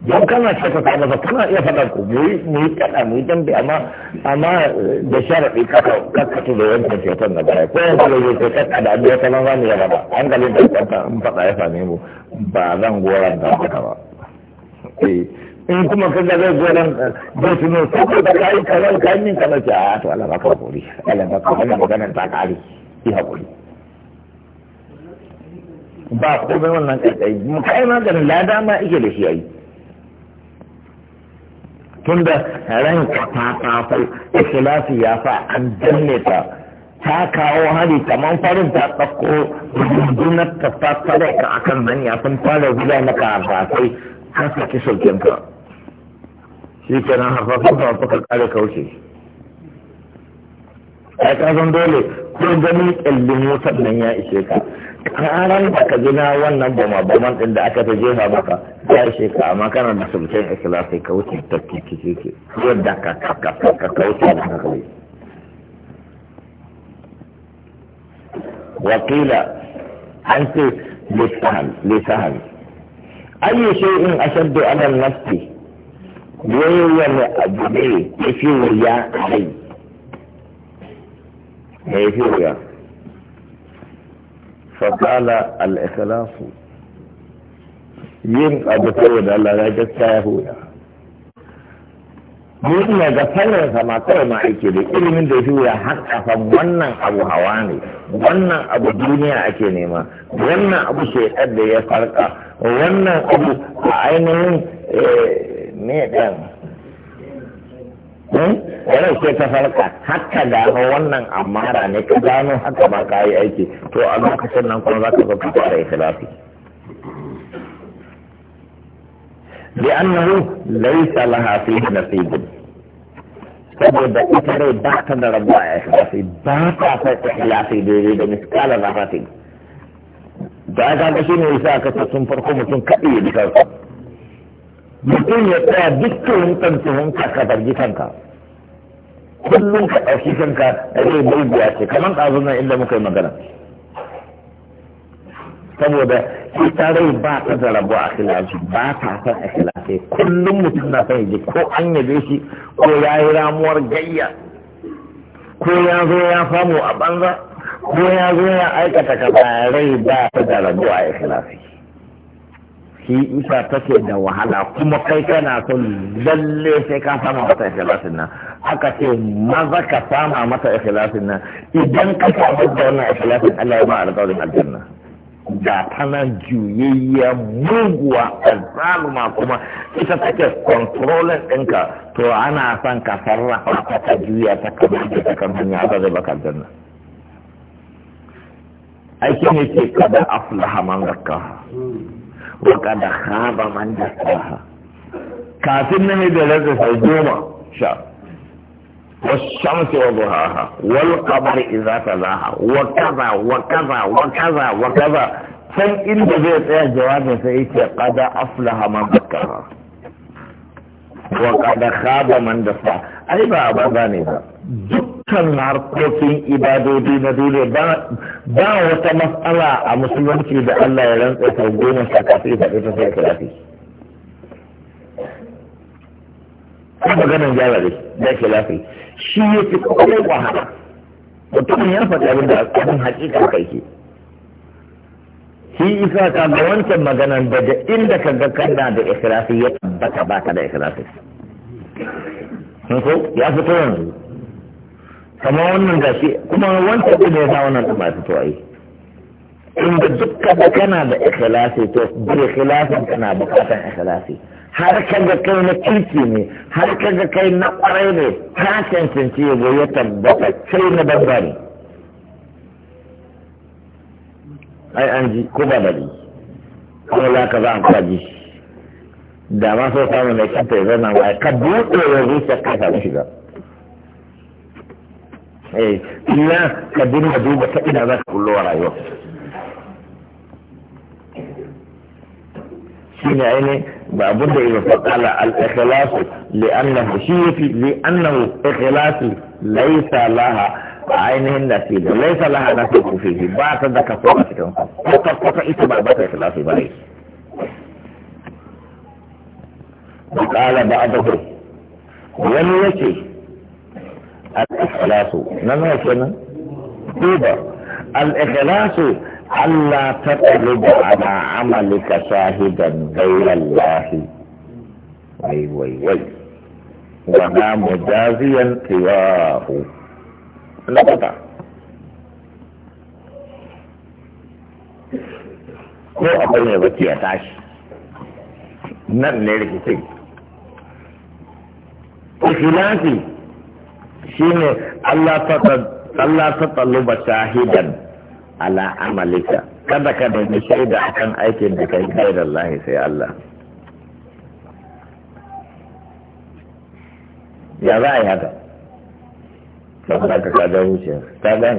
don kana kyautata masa kana iya faɗa ku mu yi mu yi kada mu yi dambe amma amma da sharaɗi kaka kaka to da yankin kyautar na baya ko yanzu da ce, kaka da abu ya sanar zamu ya ba, an galin da kwanta in faɗa ya same mu ba zan goran da haka ba. Eh. in kuma ka ga zai da zai ne saboda ka yi kaza ka yi min kaza ce a to Allah ka hakuri Allah ka wannan maganar ta kare yi hakuri ba komai wannan kai mu kai maganin lada ma ike da shi yayi tunda ranka ta kafai ikhlasi ya fa an danne ta ta kawo hari kamar farin ta tsakko rundunar ta ta tsare ka akan manya sun fara zuwa maka ba sai har saki sulkinka shi ke nan harfafin ka kuka kare kauce ai ka san dole ko gani kyallin wutar nan ya ishe ka karan da ka gina wannan bama baman din da aka ta jefa maka ya ishe ka amma kana da sulcin ikhlasi ka wuce ta kikice ke yadda ka ka ka ka wuce da ka kai wakila an ce lisahal lisahal ayyu shay'in ashaddu ala nafsi kowane abu ne ya fi wuya a rai ne ya fi wuya fakala al'ikhalasu yin abu kawai da Allah ya gaskiya ya huya mutum ne ga fannin sama kawai ma ake da ilimin da shi ya haƙafa wannan abu hawa ne wannan abu duniya ake nema wannan abu shekar da ya farka wannan abu a ainihin eh, meɗen yana ce ta farka haka da wannan amara ne ka gano haka ba ka yi aiki to a lokacin nan kuma za ka zo ka fara Bi annahu laysa laha فيه نصيب saboda ita rai ba ta da rabu a ikhlasi ba ta san ikhlasi daidai da miskala zafatin da aka ga shi ne yasa aka ce sun farko mutum kaɗi ya ji kansa mutum ya tsaya dukkan tuhumtan tuhumta ka zargi kanka kullum ka ɗauki kanka rai mai biya ce kamar ɗazun nan inda muka yi magana saboda ita rai ba ta da a kilafi ba ta san a kilafi kullum mutum na san ji ko an yabe shi ko ya yi ramuwar gayya ko ya zo ya samu a banza ko ya zo ya aikata kaza rai ba ta da a kilafi. shi isa take da wahala kuma kai kana son lalle sai ka sama mata ikhlasin nan aka ce maza ka sama mata ikhlasin nan idan ka samu da wannan ikhlasin Allah ya ba alƙawarin aljanna da tana juyayya muguwa azzaluma kuma ita take controlling ɗinka to ana son ka sarrafa ta ka juya ta kamar da ta kan hanya ta zai baka aljanna aikin yake kada aflaha man zakka waka da haba man da saha kafin nan da rasa sai goma sha wa shamsi wa duhaha wal qamar idza tazaha wa kaza wa kaza wa kaza wa kaza san inda zai tsaya jawabin sai yake qada aflaha man zakara wa qada khaba man da saha ai ba a banza ne ba dukkan harkokin ibadodi na duniya ba wata matsala a musulunci da Allah ya rantsa ta goma sa kafi ya ta sai kirafi kan maganin jarare da kirafi shi ya fi kawai wahala mutumin ya faɗi abin da abin hakika kai ke shi isa ka ga wancan maganan daga inda ka ga kanna da ikirafi ya tabbata ba ka da ikirafi ko ya fito yanzu kamar wannan gashi kuma wancan ɗin ya sa wannan ɗin fito a yi inda dukkan da kana da ikhlasi to bi ikhlasin kana bukatan ikhlasi har kaga kai na kirki ne har kaga kai na kwarai ne ka cancanci yabo ya tabbata sai na babba ne ai an ji ko ba dali kuma za ka za a kwaji shi da ma so samu mai kanta ya zama wa ka buɗe wa zuciya ka samu shiga eh ina ka dinga duba ta ina za ka kullo wa rayuwa shine ainihin ba abin da ya faɗa al-ikhlasu li'annahu shi yafi li'annahu ikhlasu laysa laha ainihin da fi da laisa laha na fi kufi ba ta da kaso a cikin kwata kwata ita ba ba ta ikhlasi ba ne da ƙara ba a wani yake al-ikhlasu nan ne kenan duba al-ikhlasu Allah ta tsaruba ala amalika shahidan gairallahi wai wai wai wa na mujaziyan na kuta ko akwai mai ba ya shi nan ne rikicin بخلاف شيء الله تطلب الله تطلب شاهدا على عملك كذا كذا نشهد عن أيكن بك غير الله سي الله يا راي هذا فهذا كذا وش هذا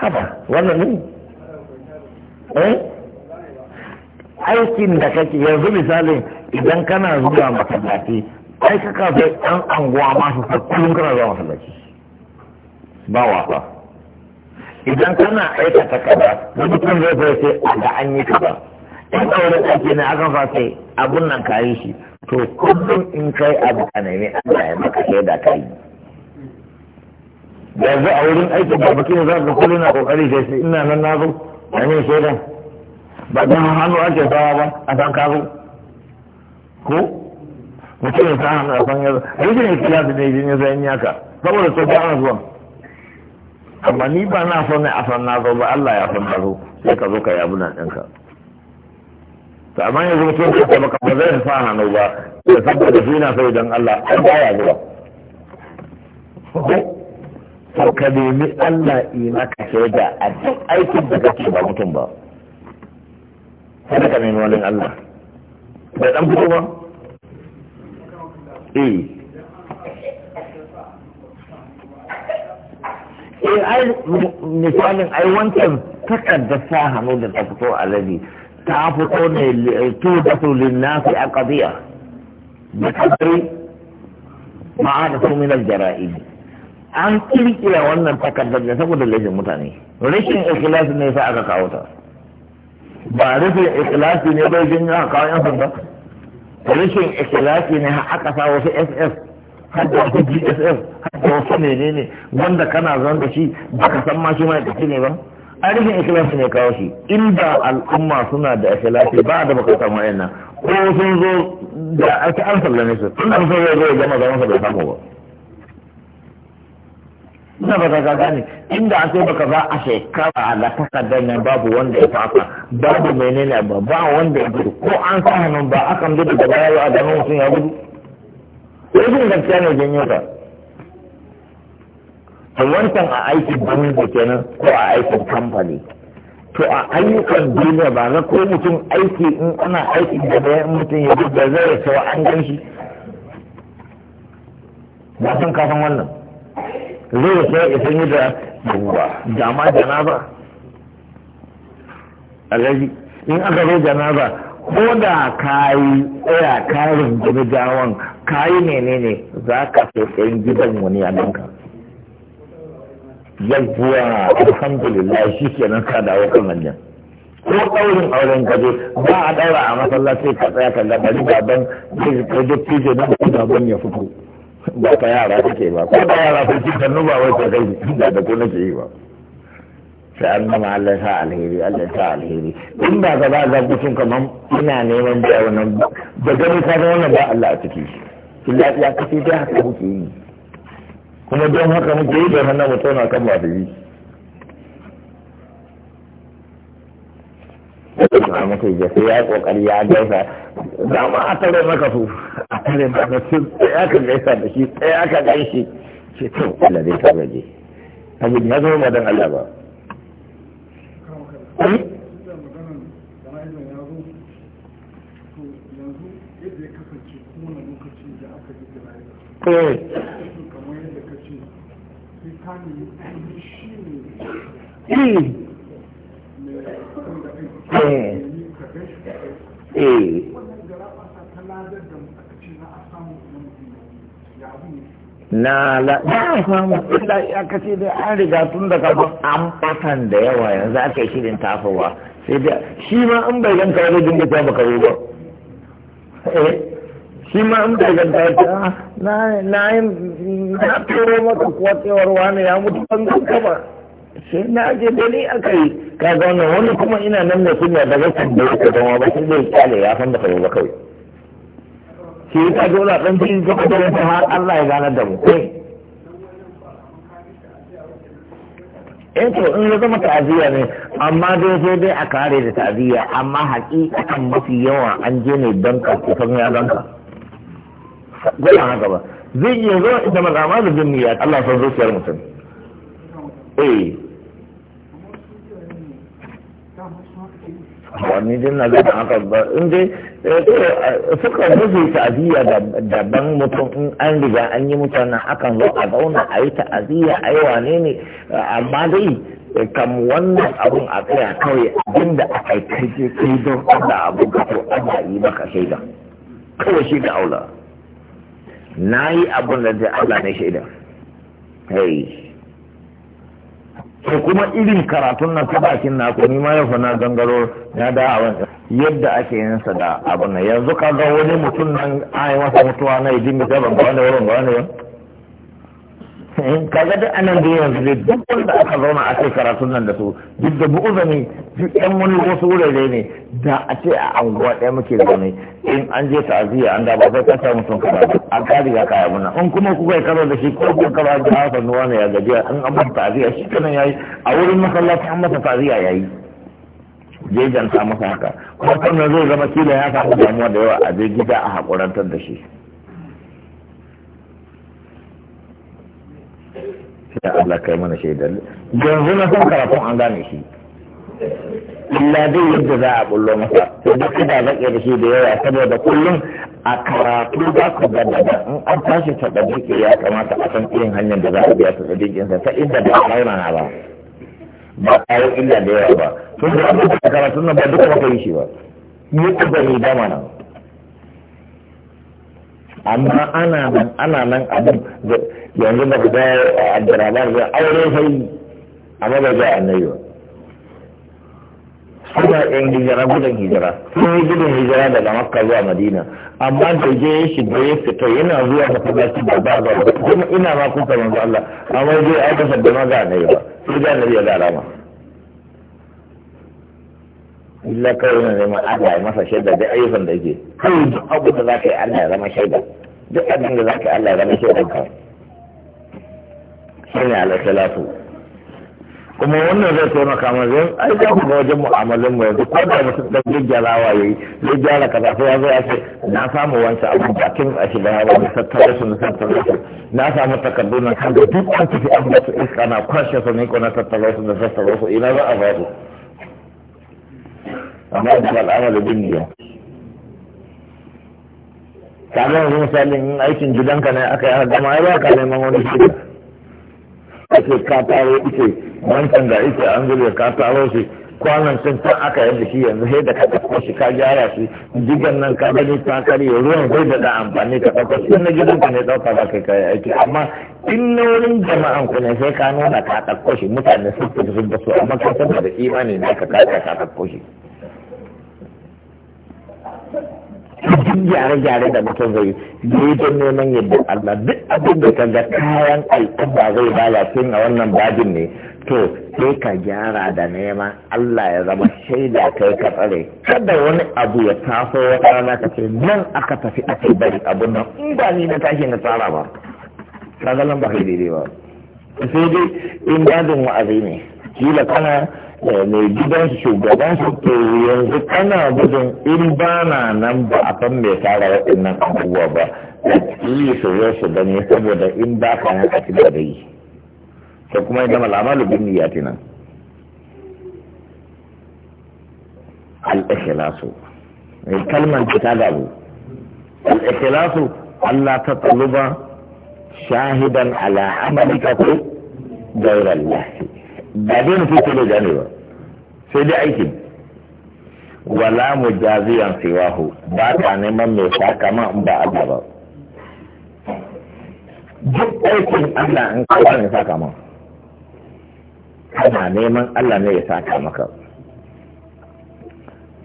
هذا ولا مين أيكن بك يا زميلي إذا كان زوجة مطلعتي ai ka kafa sai anguwa ma su sai kullum kana zama masallaci ba wasa idan kana aikata kaza da mutum zai fara sai a da an yi kaza in ɗaurin ake ne aka fasa abun nan ka yi shi to kullum in kai abu a nemi Allah ya maka shaida ka yi yanzu a wurin aikin da mutum za ka kullum na kokari sai sai ina nan na zo na ne shaidan ba ta hannu ake sawa ba a san ka zo ko mutum ya san a san yanzu rashin ikilasi ne idan ya san yaka saboda to ba ana zuwa amma ni ba na so ne a san na zo ba Allah ya san na zo sai ka zo ka yabu na ɗinka to amma yanzu mutum ya ce maka ba zai sa hannu ba ya saboda shi na sai don Allah an baya zuwa to ka nemi Allah ina ka shaida a duk aikin da kake ba mutum ba kada ka nemi wani Allah bai dan fito ba Hmm. eh ai misalin ai wancan takardar sa hannu da ta fito alade ta fito ne eh, to da su linnafi a qadiya da kadari ma'ada su min al an kirkira wannan takarda ne saboda laifin mutane rashin ikhlasi ne sa aka kawo ta ba rashin ikhlasi ne bai jin aka kawo yan sanda rashin ikhlasi ne aka sa wasu ss har da wasu gss har da wasu ne wanda kana zan da shi baka san ma shi mai ne ba a rashin ikhlasi ne kawo shi inda al'umma suna da ikhlasi ba da bukatar wayannan ko sun zo da an sallane su tun an zo zai zo ya gama zaman sa bai samu ba ina ba ka gane inda a sai baka ba a shekara a da takardar nan babu wanda ya fafa babu menene ba ba wanda ya gudu ko an sa hannun ba akan gudu da bayan a ganin mutum ya gudu rashin gaskiya ne janyo ka to wancan a aikin da kenan ko a aikin kamfani to a ayyukan duniya ba na ko mutum aiki in ana aiki da bayan mutum ya gudu da zai sau an gan shi ba san kafin wannan zai sai ya yi da ruwa dama janaba alaji in aka zo janaba ko da ka yi tsaya karin jirgawan ka yi menene za ka so tsayin gidan wani a nan ka yawwa alhamdulillah shi ke nan ka dawo kan hanyar ko ɗaurin auren gaje ba a ɗaura a masallaci ka tsaya kan ga bari da ka je fije ya fito ba ka yara kake ba ko ba yara kake sannu ba wai ka kai da da ko nake yi ba sai an nama Allah sa alheri Allah sa alheri in ba ka ba ga mutum kaman ina neman da wannan da gani ka ga wannan ba Allah a ciki shi lafiya kace dai haka muke yi kuma don haka muke yi da hannun mutum na kan ba da yi a maka yi sai ya kokari ya gaisa dama a tare maka su a tare maka su tsaya ka gaisa da shi tsaya ka gaishe ce to Allah zai tarbaje abin ya zama madan Allah ba Eh. Eh. Eh. Eh. na la na samu illa ya kace da an riga tun da kafin an batan da yawa yanzu aka yi shirin tafowa sai da shi ma an bai ganka wani dinga ta baka ba eh shi ma an bai ganka ta ah, na na na turo mata kuwa cewar wani ya mutu ban ganka ba sai na je dani aka yi ka zauna wani kuma ina nan da suna da zai da ya kuma ba sai zai kyale ya san da kai ba kawai shi ta dole ɗan jin ka da ta har Allah ya gane da mu kai in eh to in ya zama ta'aziyya ne amma dai sai dai a kare da ta'aziyya amma hakikatan mafi yawa an je ne don ka kusan ya don ka gwada haka ba zai iya zo ita mazama da jin ya Allah san zuciyar mutum eh wani din na haka ba in dai eh, eh, suka rufe ta'aziyya daban mutum in an riga an yi mutanen akan zo a zauna a yi ta'aziyya a yi wane ne amma dai eh, kam wannan abun a tsaya kawai abin da aka kai kai don da abu ka to yi maka shaida kawai shi da aula na yi abun da zai Allah na shaida hey ko kuma irin karatun na ta bakin na ni ma yau na gangaro na da a yadda ake yin sa da abin yanzu ka ga wani mutum nan ai masa mutuwa na idin ta ban ga wani wurin ga wani wani Eh, kaga da anan da yanzu dai duk wanda aka zauna a kai karatun nan da su duk da bu'uza zane duk yan wani wasu wurare ne da a ce a anguwa ɗaya muke zaune in an je ta'aziyya an da ba sai ka samu sun kaza an ka riga kaya muna in kuma kuka yi karo da shi ko kun kaza da haka nuwa ne ya gajiya an an masa ta'aziyya shi kanan yayi a wurin masallaci an masa ta'aziyya yayi ta masa haka kuma kan zai zama kila ya samu damuwa da yawa a je gida a haƙurantar da shi sai Allah kai mana shaidar yanzu na san karatun an gane shi illa dai yadda za a bullo masa to duk kada zake da shi da yawa saboda kullum a karatu za ku ga da in an tashi ta dabiƙe ya kamata a san irin hanyar da za a biya ta sa, ta inda ba a mana ba ba a yi illa da yawa ba to da da karatun nan ba duka ba ka yi shi ba ni ku gani dama nan amma ana nan ana nan abin yanzu ba ku ga abdurrahman ba aure sai amma ba a nayo ba suna yan hijira gudun hijira sun yi gudun hijira daga makka zuwa madina amma da je ya shiga ya fita yana zuwa da fadaci da ba ba kuma ina ma kuka yanzu Allah amma zai aika sadda ma ga annabi ba sai ga annabi ya ga alama illa kawai yana neman Allah ya masa shaida da ayyukan da yake kawai duk abu da za ka yi Allah ya zama shaida duk abin da za ka yi Allah ya zama shaida. kawai shine al-ikhlasu kuma wannan zai taimaka mana zai ai da kuma wajen mu'amalin mu yanzu ko da mutum da zai yayi zai gyara kaza sai ya zo ya ce na samu wancan abu kin a shiga hawa wani tattare su na tattare su na samu takardu na kan da duk an tafi an basu iska na kwashe su ne ko na tattare su na tattare su ina za a ba su amma da al'amari bin biyu kamar yanzu misalin aikin gidanka ne aka yi gama ya ba ka neman wani shiga ake ka taro ike wancan da ike an zube ka taro shi kwanan sun ta aka yi shi yanzu sai da ka ɗauko shi ka gyara shi jigan nan ka gani ta karye ruwan zai da da amfani ka ɗauko shi na gidan ka ne ɗauka ba ka kai aiki amma in na wurin jama'an ku ne sai ka nuna ka ɗauko shi mutane sun fi su amma ka san da imani ne ka ka ɗauko shi. duk gyare-gyare da mutum zai yi don neman yadda Allah duk abin da ka ga kayan al'umma zai lalace a wannan babin ne to sai ka gyara da neman Allah ya zama shaida kai ka tsare kada wani abu ya taso wata rana ka ce nan aka tafi ce bari abun nan in ba ni na tashi na tsara ba kaga nan ba kai daidai ba sai dai in dadin wa'azi ne kila kana Eh, mai gidan shugaban su to yanzu kana gudun in ba na nan ba a kan mai tara waɗannan abubuwa ba da yi su zo su gani saboda in ba ka yi a cikin da yi sai kuma ya gama lamalu bin ya nan al mai kalman ta gabu al Allah ta taluba shahidan ala amalika ko gairar lahi ba dai mutum ke bai gane ba sai dai aikin wala mu jaziyan siwahu ba ta neman mai sakama in ba Allah ba duk aikin Allah in ka wani sakama kana neman Allah ne ya saka maka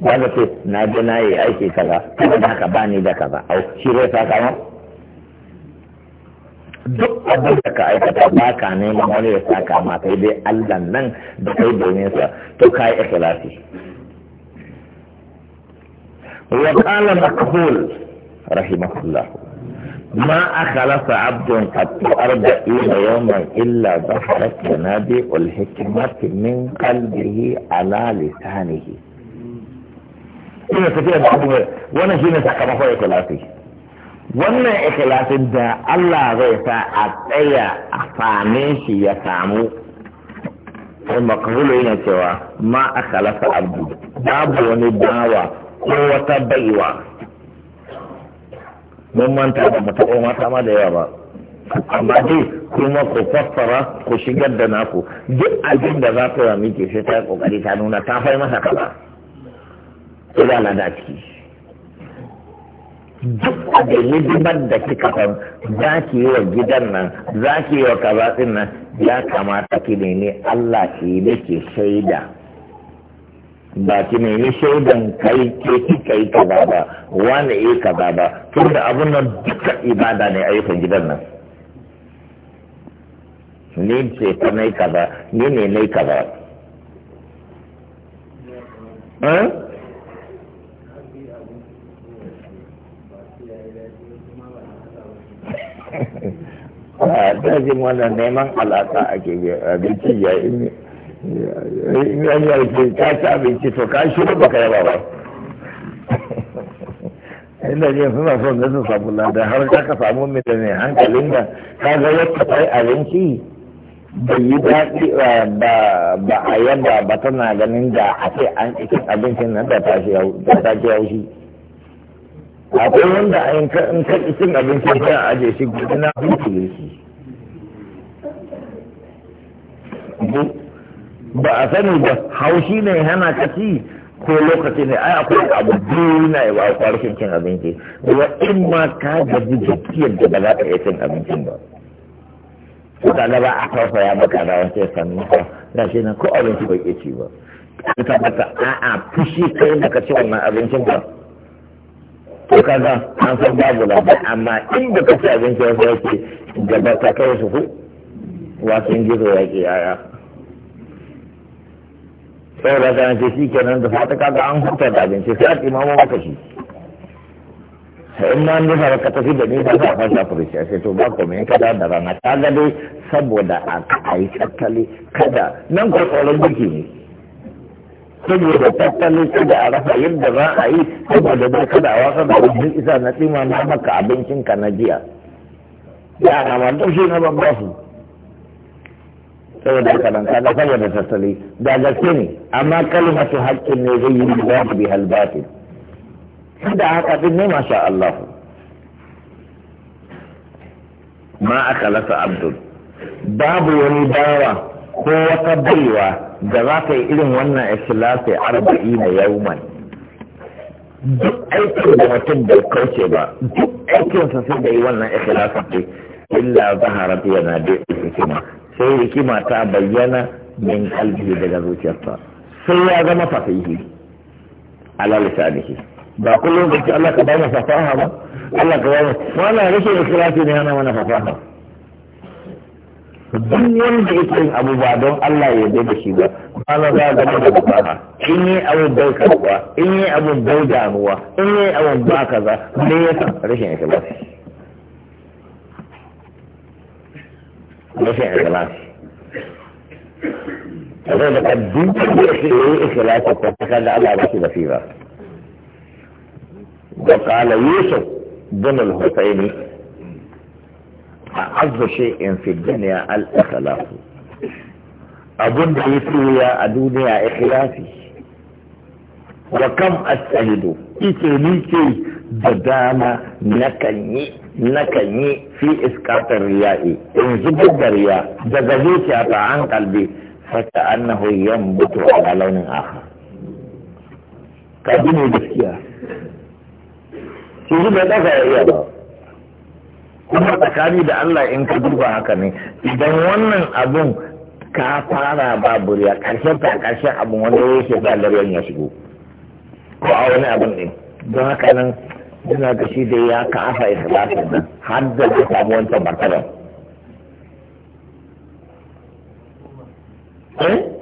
ba ce na je na yi aiki kaza kuma da haka ba ni da kaza au shi zai saka duk abin da ka aikata ba ka neman wani ya saka ma sai dai Allah nan da kai domin sa to kai ikhlasi wa qala maqbul rahimahullah ما أخلص عبد قد أربعين يوما إلا ظهرت منابع الحكمة من قلبه على لسانه. إيه كثير وانا شيء نتحكم في ثلاثي. wannan ikhlasin da Allah zai sa a tsaya a same shi ya samu sai makahulu yana cewa ma a khalasa abu babu wani bawa ko wata baiwa mun manta da mata ko mata ma da yawa ba amma dai kuma ku kwafara ku shigar da naku duk abin da za ku rami miki sai ta kokari ta nuna ta fai masa kaza sai da ciki duk da hidimar da kika san za ki yi wa gidan nan za ki yi wa kaza nan ya kamata ki nemi Allah ki da shaida ba ki nemi shaidan kai ke ki yi kaza ba wani yi kaza ba tun da abun nan duka ibada ne ayyukan gidan nan ni ce ta nai kaza ni ne nai kaza eh? a dajin wannan neman alaka ake abinci ya yi in ya yi aiki abinci to ka shi ba ka yaba ba inda jin suna son da su samu da har ka ka samu mai da ne hankalin da ka ga yadda kai abinci bai yi daɗi ba a yadda ba tana ganin da a ce an cikin abincin nan da ta shi haushi akwai wanda a yanka in ka cin abincin sai a aje shi na na bincike shi ba a sani ba haushi ne hana ka ci ko lokaci ne ai akwai abu biyu na yi ba a cin abinci Ba in ma ka gaji jikiyar da ba za ka iya cin abincin ba ko ka gaba a kafa ya baka da wasu sannu ko da shi na ko abinci bai ke ci ba ka tabbata a'a fushi kai da ka ci wannan abincin ba ka kaga an san babu labar amma inda ka ci abinci wasu yake gaba ta kai su ku wasu yin gizo yake yaya saboda ka ce shi kenan da fata kaga an huta da abinci sai a ma maka shi in ma nuna ka tafi da nisa za a fasa furuci a sai to ba ko mai kada da rana ta gado saboda a yi tattali kada nan ko tsoron jiki ne saboda tattalin kada a rasa yadda za a yi saboda bai kada a wasa da wajen isa na tsima na maka ka na jiya ya na ma daushe na ban ba su saboda haka nan kaga saboda tattali da gaske ne amma kalmatu haƙƙin ne zai yi babu bi halbatin da haka din ne masha Allah ma aka lasa abdul babu wani dawa ko wata baiwa da za ka yi irin wannan ikhlasi arba'i na yauman duk aikin da mutum bai kauce ba duk aikin sa sai da yi wannan ikhlasi ce illa zaharat yana da hikima sai hikima ta bayyana min albihi daga zuciyarsa sai ya zama fasihi ala lisanihi ba kullum da Allah ka bayyana fasaha ba Allah ka bayyana wannan rashin ikhlasi ne yana mana fasaha duk wanda yake yin abu ba don Allah ya yarda da shi ba malam za ga da bukata in yi abu bai karbuwa in yi abu bai damuwa in yi abu ba kaza me yasa rashin ikhlasi rashin ikhlasi zai da duk da yake yi ikhlasi ko ta da Allah ba shi da fi ba وقال يوسف بن الحسيني azu in fi dunya al ikhlas abun da ya ya a duniya ikhlasi wa kam astahidu ite ni ke da dama nakanyi nakanyi fi iskatar riya'i in zubar da riya daga zuciya ta an kalbi fata annahu yambutu ala launin aha ka bi ne gaskiya su zuba da ka yi ba kuma tsakani da Allah in ka duba haka ne idan wannan abun ka fara ba buriya karshen ta karshen abun wani ya ke ba laryan ya shigo ko a wani abun ne don haka nan ina da shi da ya ka afa ikhlasin nan har da ya samu wancan martaban eh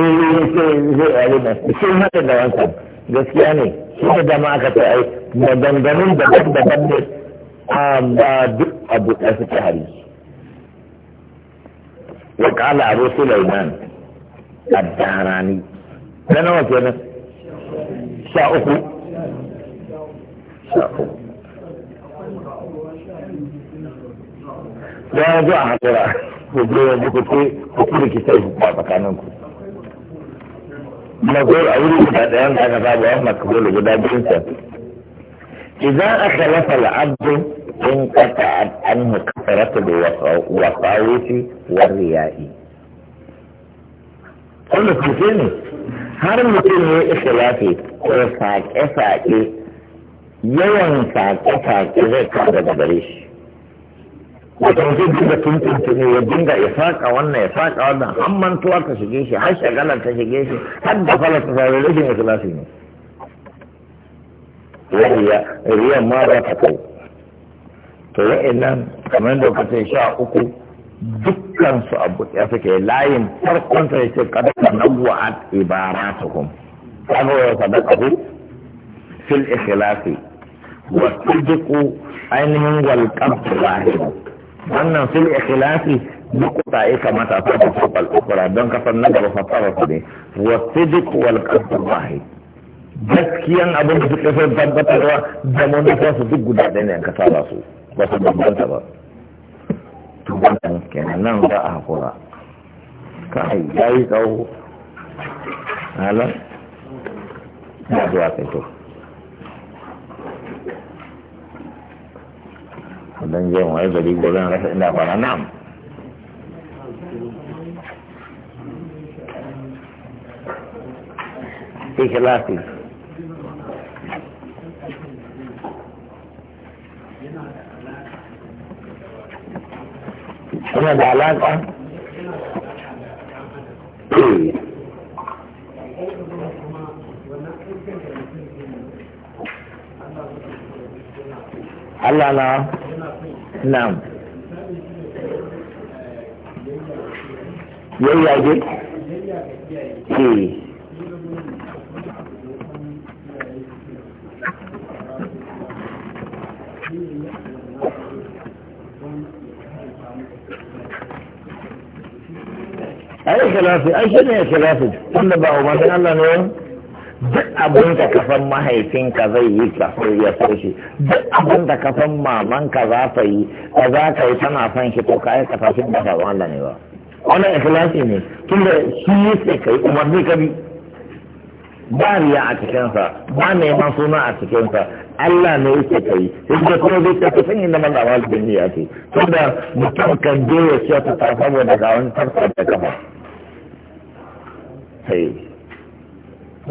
in sai zai a ah, riba sun haɗa da wanka gaskiya ne shi da dama aka ce ai maganganun daban-daban ne amma duk abu ɗaya suke hari wa kala abu sulaiman addarani na nawa kenan sha uku sha uku Da ya zo a hakura ku je yanzu ku ce ku kuma ki sai ku ba tsakaninku mazur a wuri guda ɗayan da aka saba wa makabul guda biyun sa idan aka lafa al'abdu in kata anhu kasaratu da wasawuti wa riya'i kullu kuke har mutum ya yi ikhlafi ko sake-sake yawan sake-sake zai daga gare shi wato zai dinga tuntunta ne ya dinga ya saka wannan ya saka wannan har mantuwa ta shige shi har shagalar ta shige shi har da fara ta fara rashin ikhlasi ne wahiya riyan ma ba ta kai to wa'annan kamar da sai sha uku dukkan su abu ya suke layin farkon ta yace kada ka nawwa'at ibaratuhum ya wa ku fil ikhlasi wa tudiku ainihin wal qabd zahir wannan fil ikhlasi ta yi kamata ta ta fokal ukura don kasar na gaba fassara su ne wa sidik wal qasd wahid gaskiyan abin da suka san tabbatarwa da manufa su duk guda ɗaya ne ka saba su ba su bambanta ba to wannan kenan nan za a hakura kai yayi tsawo halan na zuwa kai to don zai wani gari gobe rasa ina fara nam ikhlasi yana da alaƙa Allah na نعم يلي أي خلافة أي شيء خلافة تنبأوا ما الله نعم duk abin da kafan mahaifinka zai yi ka ya so shi duk abin da kafan mamanka za ta yi ka za ka yi tana son shi ko ka aikata shi ba ka wanda ne ba wannan ikhlasi ne tunda shi yake kai umarni ka bi ba riya a cikinsa ba neman suna a cikinsa Allah ne yake kai sai da kuma zai tafi sun inda man da wani duniya ce da mutum kan je ya ce ta saboda ga wani da kafa na'am eh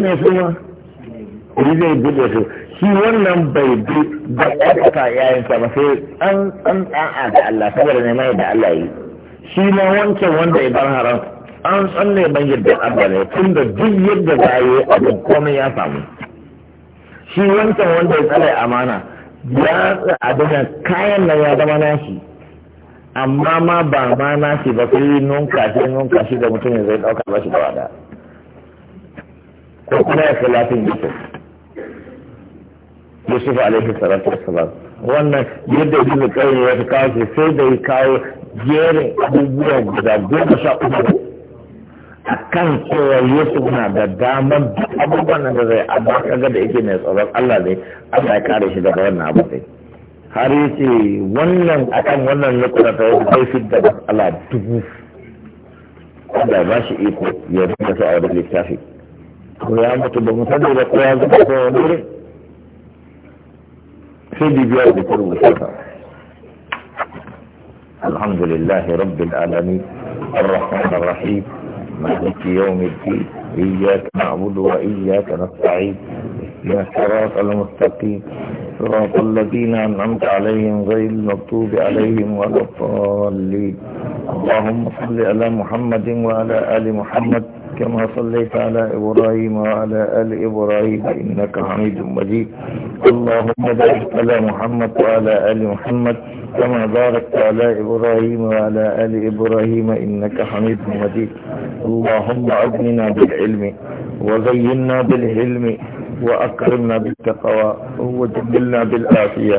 ne su ma yi zai buɗe su shi wannan bai bi da ƙarfafa yayinsa ba sai an an ɗan'a da Allah saboda neman da Allah yi shi na wancan wanda ya bar haram an tsanne ban yadda Allah ne tun da duk yadda za a yi abin komai ya samu shi wancan wanda ya tsare amana ya a adana kayan nan ya zama nashi amma ma ba ma nashi ba sai nunka shi nunka shi da mutum zai dauka ba shi da wada ko kuma ya lafin yusuf yusuf alaihi salatu wassalam wannan yadda yi zai kai ya kawo sai da ya kawo jerin abubuwan guda goma sha uku a kan cewa Yusuf na da damar duk abubuwan da zai amma kaga da yake mai tsoron Allah ne Allah ya kare shi daga wannan abu sai har yace wannan akan wannan nukura ta yi zai fi da Allah dubu wanda ya bashi iko ya rinka su a wani littafi ko ya mutu ba mu sani da kowa zuba ko wani wuri sai bibiyar da kuma musamman alhamdulillahi rabbil alamin الرحمن الرحيم مالك يوم الدين إياك نعبد وإياك نستعين يا صراط المستقيم صراط الذين أنعمت عليهم غير المغضوب عليهم ولا الضالين اللهم صل على محمد وعلى آل محمد كما صليت على إبراهيم وعلى آل إبراهيم إنك حميد مجيد اللهم بارك على محمد وعلى آل محمد كما باركت على إبراهيم وعلى آل إبراهيم إنك حميد مجيد اللهم أغننا بالعلم وزينا بالعلم وأكرمنا بالتقوى وجبلنا بالآفية